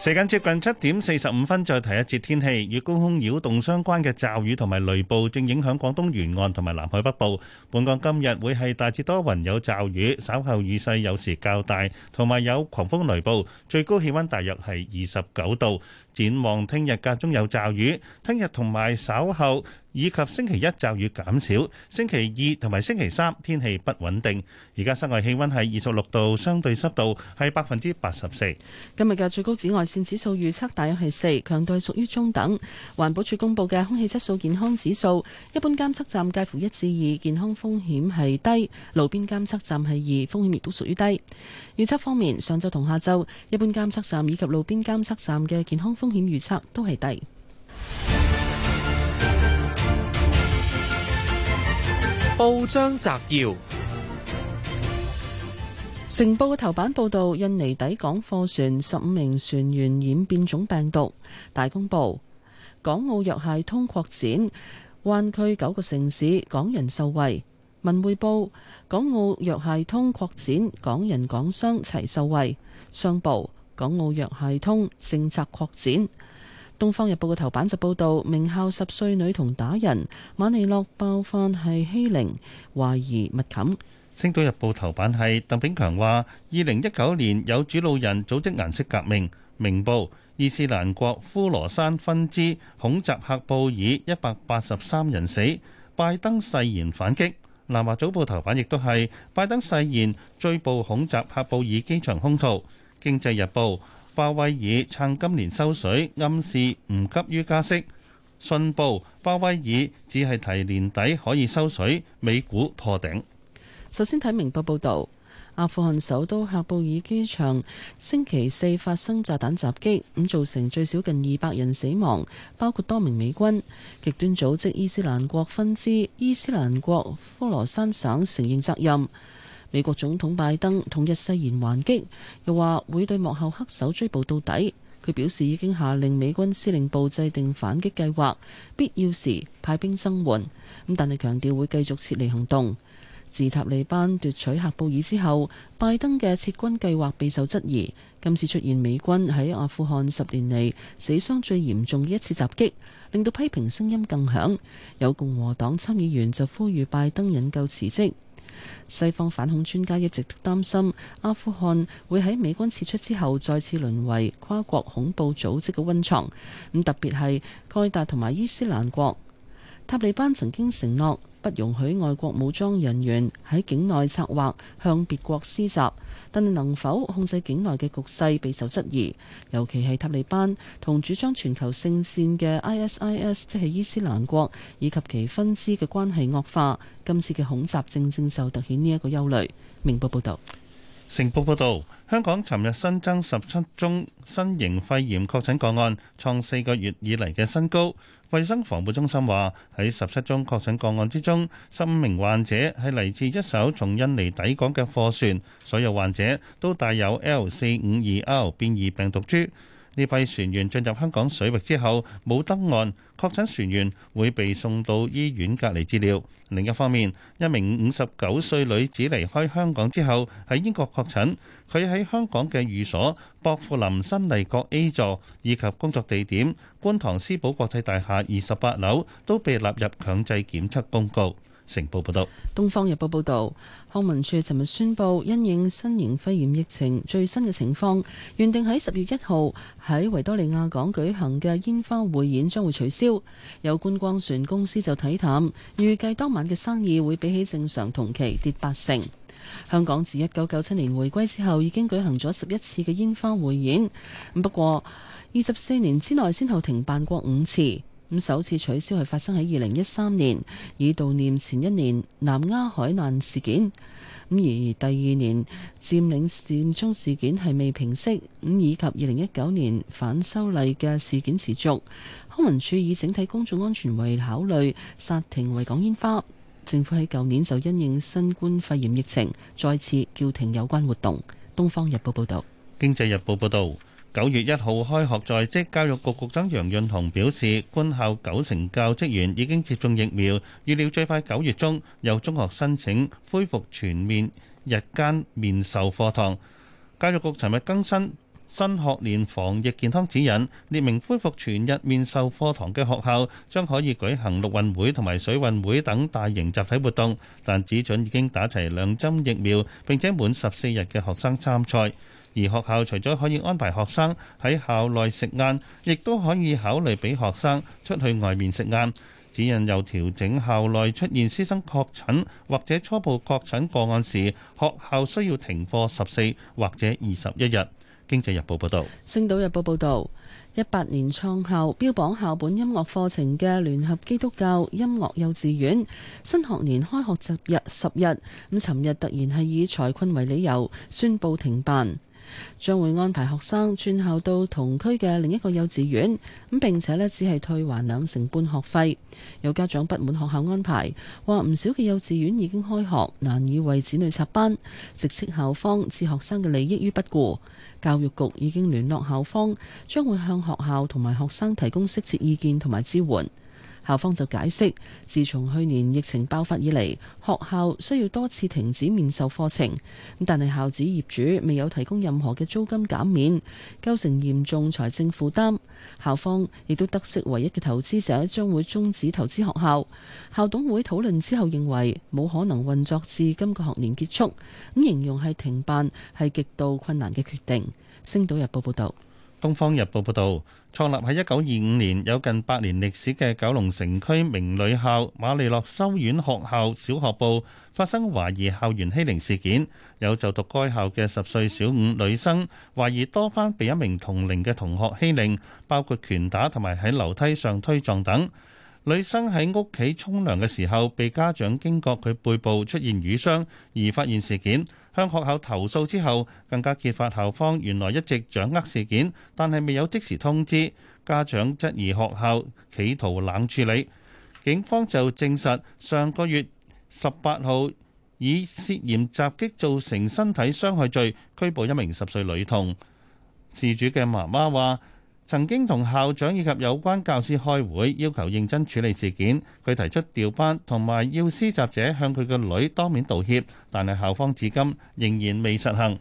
S4: 時間接近七點四十五分，再提一節天氣。與高空擾動相關嘅驟雨同埋雷暴正影響廣東沿岸同埋南海北部。本港今日會係大致多雲有驟雨，稍後雨勢有時較大，同埋有狂風雷暴。最高氣溫大約係二十九度。展望聽日間中有驟雨，聽日同埋稍後以及星期一驟雨減少，星期二同埋星期三天氣不穩定。而家室外氣温係二十六度，相對濕度係百分之八十四。
S3: 今日嘅最高紫外線指數預測大約係四，強度屬於中等。環保署公布嘅空氣質素健康指數，一般監測站介乎一至二，健康風險係低；路邊監測站係二，風險亦都屬於低。預測方面，上晝同下晝，一般監測站以及路邊監測站嘅健康風風險預測都係低。
S13: 報章摘要：
S3: 成報嘅頭版報道印尼抵港貨船十五名船員染變種病毒。大公報：港澳藥械通擴展，灣區九個城市，港人受惠。文匯報：港澳藥械通擴展，港人港商齊受惠。商報。港澳藥械通政策擴展，《東方日報》嘅頭版就報道名校十歲女童打人，
S4: 瑪利諾爆犯係欺凌，懷疑密冚。《星島日報》頭版係鄧炳強話：二零一九年有主路人組織顏色革命。明報，伊斯蘭國呼羅珊分支恐襲喀布爾一百八十三人死，拜登誓言反擊，《南華早報》頭版亦都係拜登誓言追捕恐襲喀布爾機場兇徒。經濟日報：鮑威爾趁今年收水，暗示唔急於加息。信報：鮑威爾只係提年底可以收水，美股破頂。
S3: 首先睇明報報導：阿富汗首都喀布爾機場星期四發生炸彈襲擊，咁造成最少近二百人死亡，包括多名美軍。極端組織伊斯蘭國分支伊斯蘭國呼羅珊省承認責任。美國總統拜登同日誓言還擊，又話會對幕後黑手追捕到底。佢表示已經下令美軍司令部制定反擊計劃，必要時派兵增援。咁但係強調會繼續撤離行動。自塔利班奪取喀布爾之後，拜登嘅撤軍計劃備受質疑。今次出現美軍喺阿富汗十年嚟死傷最嚴重嘅一次襲擊，令到批評聲音更響。有共和黨參議員就呼籲拜登引咎辭職。西方反恐專家一直都擔心阿富汗會喺美軍撤出之後再次淪為跨國恐怖組織嘅溫床，咁特別係蓋達同埋伊斯蘭國。塔利班曾經承諾不容許外國武裝人員喺境內策劃向別國施襲。但能否控制境外嘅局勢備受質疑，尤其係塔利班同主張全球聖戰嘅 ISIS 即係伊斯蘭國以及其分支嘅關係惡化，今次嘅恐襲正正就凸顯呢一個憂慮。明報報道，
S4: 成報報道。香港尋日新增十七宗新型肺炎確診個案，創四個月以嚟嘅新高。衛生防護中心話喺十七宗確診個案之中，十五名患者係嚟自一艘從印尼抵港嘅貨船，所有患者都帶有 L 四五二 R 變異病毒株。呢批船員進入香港水域之後冇登岸，確診船員會被送到醫院隔離治療。另一方面，一名五十九歲女子離開香港之後喺英國確診。佢喺香港嘅寓所，薄扶林新麗閣 A 座以及工作地點觀塘思寶國際大廈二十八樓都被納入強制檢測公告。成報報道，
S3: 東方日報報道，康文署尋日宣布，因應新型肺炎疫情最新嘅情況，原定喺十月一號喺維多利亞港舉行嘅煙花匯演將會取消。有觀光船公司就睇淡，預計當晚嘅生意會比起正常同期跌八成。香港自一九九七年回歸之後，已經舉行咗十一次嘅煙花匯演。不過，二十四年之內先後停辦過五次。咁首次取消係發生喺二零一三年，以悼念前一年南丫海難事件。咁而第二年佔領佔中事件係未平息，咁以及二零一九年反修例嘅事件持續，康文署以整體公眾安全為考慮，剎停維港煙花。政府喺舊年就因應新冠肺炎疫情，再次叫停有關活動。《東方日報》報導，
S4: 《經濟日報》報導，九月一號開學在即，教育局局長楊潤雄表示，官校九成教職員已經接種疫苗，預料最快九月中有中學申請恢復全面日間面授課堂。教育局尋日更新。新學年防疫健康指引列明，恢復全日面授課堂嘅學校將可以舉行陸運會同埋水運會等大型集體活動，但只准已經打齊兩針疫苗並且滿十四日嘅學生參賽。而學校除咗可以安排學生喺校內食晏，亦都可以考慮畀學生出去外面食晏。指引又調整校內出現師生確診或者初步確診個案時，學校需要停課十四或者二十一日。經濟日報報道，
S3: 星島日報報道，一八年創校、標榜校本音樂課程嘅聯合基督教音樂幼稚園，新學年開學十日十日，咁尋日突然係以財困為理由宣布停辦，將會安排學生轉校到同區嘅另一個幼稚園，咁並且咧只係退還兩成半學費。有家長不滿學校安排，話唔少嘅幼稚園已經開學，難以為子女插班，直斥校方置學生嘅利益於不顧。教育局已經聯絡校方，將會向學校同埋學生提供適切意見同埋支援。校方就解釋，自從去年疫情爆發以嚟，學校需要多次停止面授課程，但係校址業主未有提供任何嘅租金減免，構成嚴重財政負擔。校方亦都得悉唯一嘅投資者將會終止投資學校，校董會討論之後認為冇可能運作至今個學年結束，咁形容係停辦係極度困難嘅決定。星島日報報道。
S4: 《東方日報》報導，創立喺一九二五年、有近百年歷史嘅九龍城區名女校馬利諾修院學校小學部發生懷疑校園欺凌事件，有就讀該校嘅十歲小五女生懷疑多番被一名同齡嘅同學欺凌，包括拳打同埋喺樓梯上推撞等。女生喺屋企沖涼嘅時候，被家長驚覺佢背部出現瘀傷，而發現事件。向學校投訴之後，更加揭發校方原來一直掌握事件，但係未有即時通知家長，質疑學校企圖冷處理。警方就證實上個月十八號以涉嫌襲擊造成身體傷害罪拘捕一名十歲女童。事主嘅媽媽話：曾經同校長以及有關教師開會，要求認真處理事件。佢提出調班同埋要施襲者向佢嘅女當面道歉，但係校方至今仍然未實行。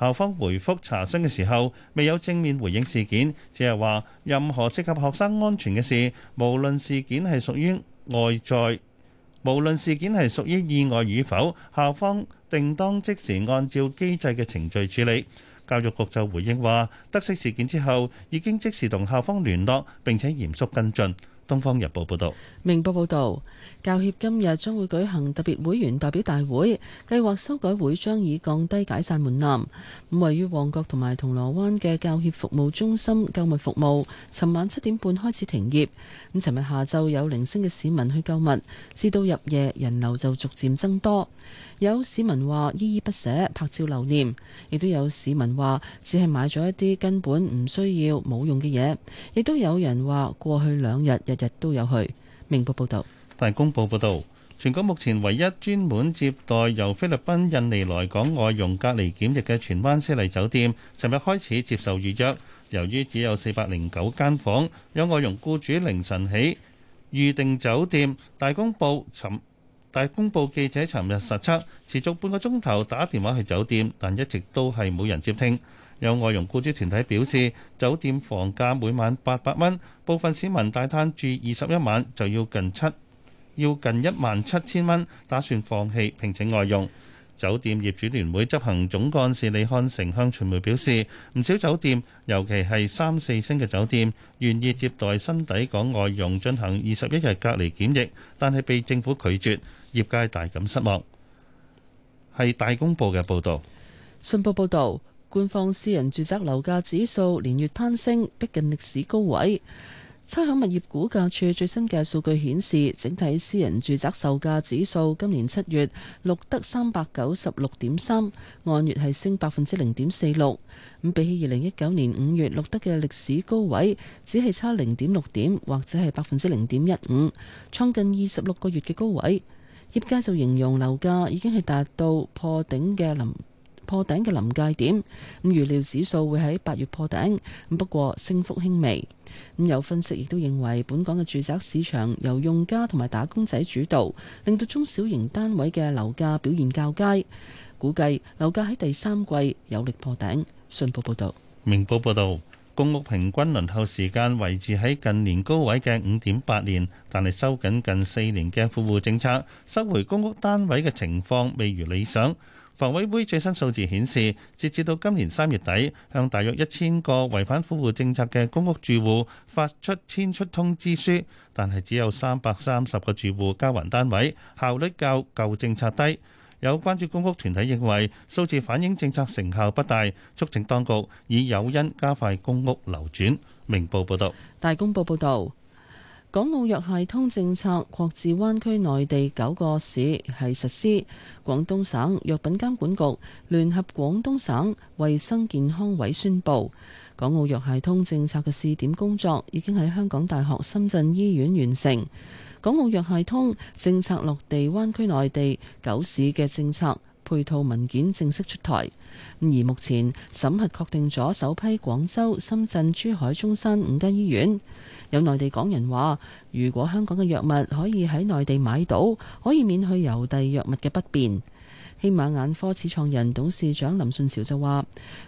S4: 校方回覆查詢嘅時候，未有正面回應事件，只係話任何涉及學生安全嘅事，無論事件係屬於外在，無論事件係屬於意外與否，校方定當即時按照機制嘅程序處理。教育局就回應話，得悉事件之後，已經即時同校方聯絡，並且嚴肅跟進。東方日報報道。
S3: 明報報導，教協今日將會舉行特別會員代表大會，計劃修改會章，以降低解散門檻。咁位於旺角同埋銅鑼灣嘅教協服務中心購物服務，尋晚七點半開始停業。咁，尋日下晝有零星嘅市民去購物，至到入夜人流就逐漸增多。有市民話依依不捨拍照留念，亦都有市民話只係買咗一啲根本唔需要冇用嘅嘢，亦都有人話過去兩日日日都有去。明報報道，
S4: 大公報報道，全港目前唯一專門接待由菲律賓、印尼來港外傭隔離檢疫嘅荃灣絲麗酒店，尋日開始接受預約。由於只有四百零九間房，有外傭僱主凌晨起預訂酒店。大公報尋大公報記者尋日實測，持續半個鐘頭打電話去酒店，但一直都係冇人接聽。有外傭雇主團體表示，酒店房價每晚八百蚊，部分市民大攤住二十一晚就要近七要近一萬七千蚊，打算放棄聘請外傭。酒店業主聯會執行總幹事李漢成向傳媒表示，唔少酒店，尤其係三四星嘅酒店，願意接待新抵港外傭進行二十一日隔離檢疫，但係被政府拒絕，業界大感失望。係大公報嘅報導，
S3: 信報報導。官方私人住宅樓價指數連月攀升，逼近歷史高位。差餉物業估價署最新嘅數據顯示，整體私人住宅售價指數今年七月錄得三百九十六點三，按月係升百分之零點四六。咁比起二零一九年五月錄得嘅歷史高位只，只係差零點六點或者係百分之零點一五，創近二十六個月嘅高位。業界就形容樓價已經係達到破頂嘅臨。破頂嘅臨界點，咁預料指數會喺八月破頂。不過升幅輕微。咁有分析亦都認為，本港嘅住宅市場由用家同埋打工仔主導，令到中小型單位嘅樓價表現較佳。估計樓價喺第三季有力破頂。信報報道：
S4: 明報報道，公屋平均輪候時間維持喺近年高位嘅五點八年，但係收緊近四年嘅富戶政策，收回公屋單位嘅情況未如理想。房委會最新數字顯示，截至到今年三月底，向大約一千個違反富戶政策嘅公屋住戶發出遷出通知書，但係只有三百三十個住戶交還單位，效率較舊政策低。有關注公屋團體認為數字反映政策成效不大，促請當局以有因加快公屋流轉。明報報道。
S3: 大公報報導。港澳藥械通政策擴至灣區內地九個市係實施。廣東省藥品監管局聯合廣東省衛生健康委宣布，港澳藥械通政策嘅試點工作已經喺香港大學深圳醫院完成。港澳藥械通政策落地灣區內地九市嘅政策配套文件正式出台。而目前審核確定咗首批廣州、深圳、珠海、中山五間醫院。有內地港人話，如果香港嘅藥物可以喺內地買到，可以免去郵遞藥物嘅不便。希瑪眼科始創人、董事長林順潮就話，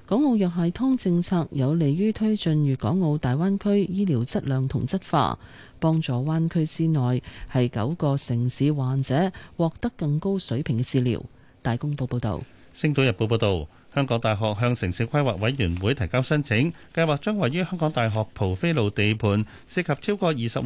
S3: 港澳藥械通政策有利於推進粵港澳大灣區醫療質量同質化，幫助灣區之內系九個城市患者獲得更高水平嘅治療，大公報報道，
S4: 星島日報報道。香港大學向城市規劃委員會提交申請，計劃將位於香港大學蒲飛路地盤涉及超過26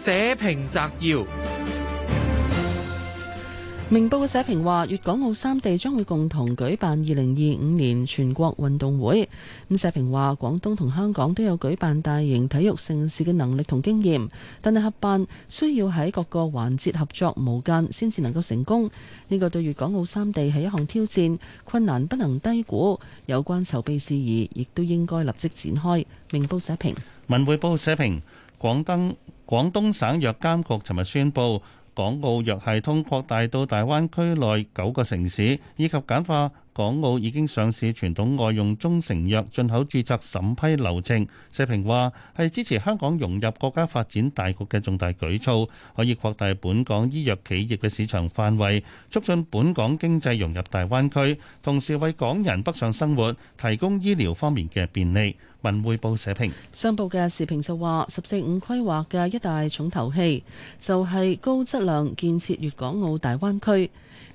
S4: 社評摘要：
S3: 明報嘅社評話，粵港澳三地將會共同舉辦二零二五年全國運動會。咁社評話，廣東同香港都有舉辦大型體育盛事嘅能力同經驗，但係合辦需要喺各個環節合作無間，先至能夠成功。呢個對粵港澳三地係一項挑戰，困難不能低估。有關籌備事宜亦都應該立即展開。明報社評，
S4: 文匯報社評。廣東廣東省藥監局尋日宣布，港澳藥械通擴大到大灣區內九個城市，以及簡化，港澳已經上市傳統外用中成藥進口註冊審批流程，社評話係支持香港融入國家發展大局嘅重大舉措，可以擴大本港醫藥企業嘅市場範圍，促進本港經濟融入大灣區，同時為港人北上生活提供醫療方面嘅便利。文匯報社評，
S3: 商報嘅社評就話，十四五規劃嘅一大重頭戲就係、是、高質量建設粵港澳大灣區。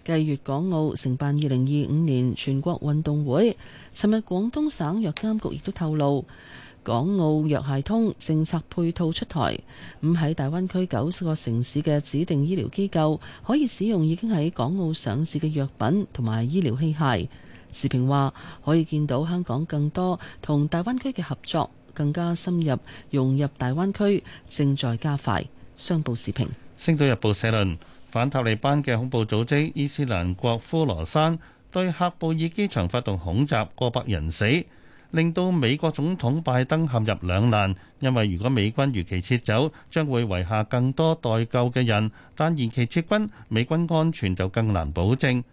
S3: 繼粵港澳承辦二零二五年全國運動會，尋日廣東省藥監局亦都透露，港澳藥械通政策配套出台，咁喺大灣區九個城市嘅指定醫療機構可以使用已經喺港澳上市嘅藥品同埋醫療器械。時評話，可以見到香港更多同大灣區嘅合作更加深入，融入大灣區正在加快。商報時評，
S4: 《星島日報》社論。反塔利班嘅恐怖組織伊斯蘭國呼羅珊對喀布爾機場發動恐襲，過百人死，令到美國總統拜登陷入兩難。因為如果美軍如期撤走，將會遺下更多待救嘅人；但延期撤軍，美軍安全就更難保證。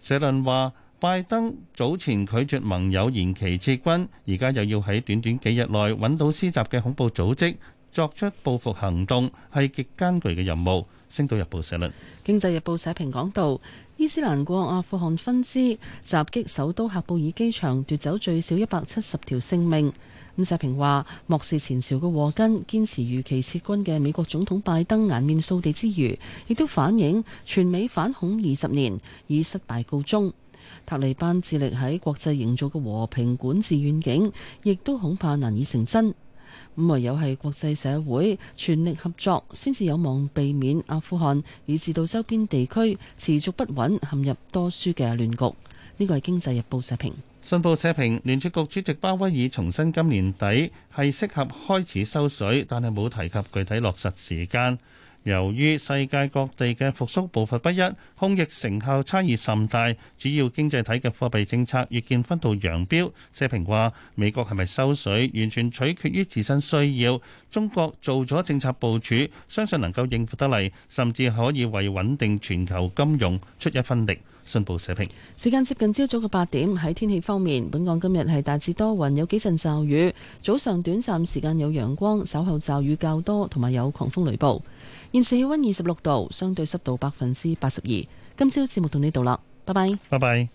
S4: 社論話：拜登早前拒絕盟友延期撤軍，而家又要喺短短幾日內揾到施襲嘅恐怖組織，作出報復行動，係極艱巨嘅任務。《星島日報》社論，《經濟日
S3: 報》社評講道：伊斯蘭國阿富汗分支襲擊首都喀布爾機場，奪走最少一百七十條性命。咁社評話，漠視前朝嘅禍根，堅持如期撤軍嘅美國總統拜登顏面掃地之餘，亦都反映全美反恐二十年以失敗告終。塔利班致力喺國際營造嘅和平管治願景，亦都恐怕難以成真。咁唯有係國際社會全力合作，先至有望避免阿富汗以至到周邊地區持續不穩，陷入多輸嘅亂局。呢個係《經濟日報》社評。
S4: 信報社評，聯儲局主席鮑威爾重申今年底係適合開始收水，但係冇提及具體落實時間。由於世界各地嘅復甦步伐不一，抗疫成效差異甚大，主要經濟體嘅貨幣政策越見分道揚鑣。社評話：美國係咪收水，完全取決於自身需要。中國做咗政策部署，相信能夠應付得嚟，甚至可以為穩定全球金融出一分力。信報社評。
S3: 時間接近朝早嘅八點，喺天氣方面，本港今日係大致多雲，有幾陣驟雨。早上短暫時間有陽光，稍後驟雨較多，同埋有，有狂風雷暴。現時氣溫二十六度，相對濕度百分之八十二。今朝節目到呢度啦，拜拜。拜拜。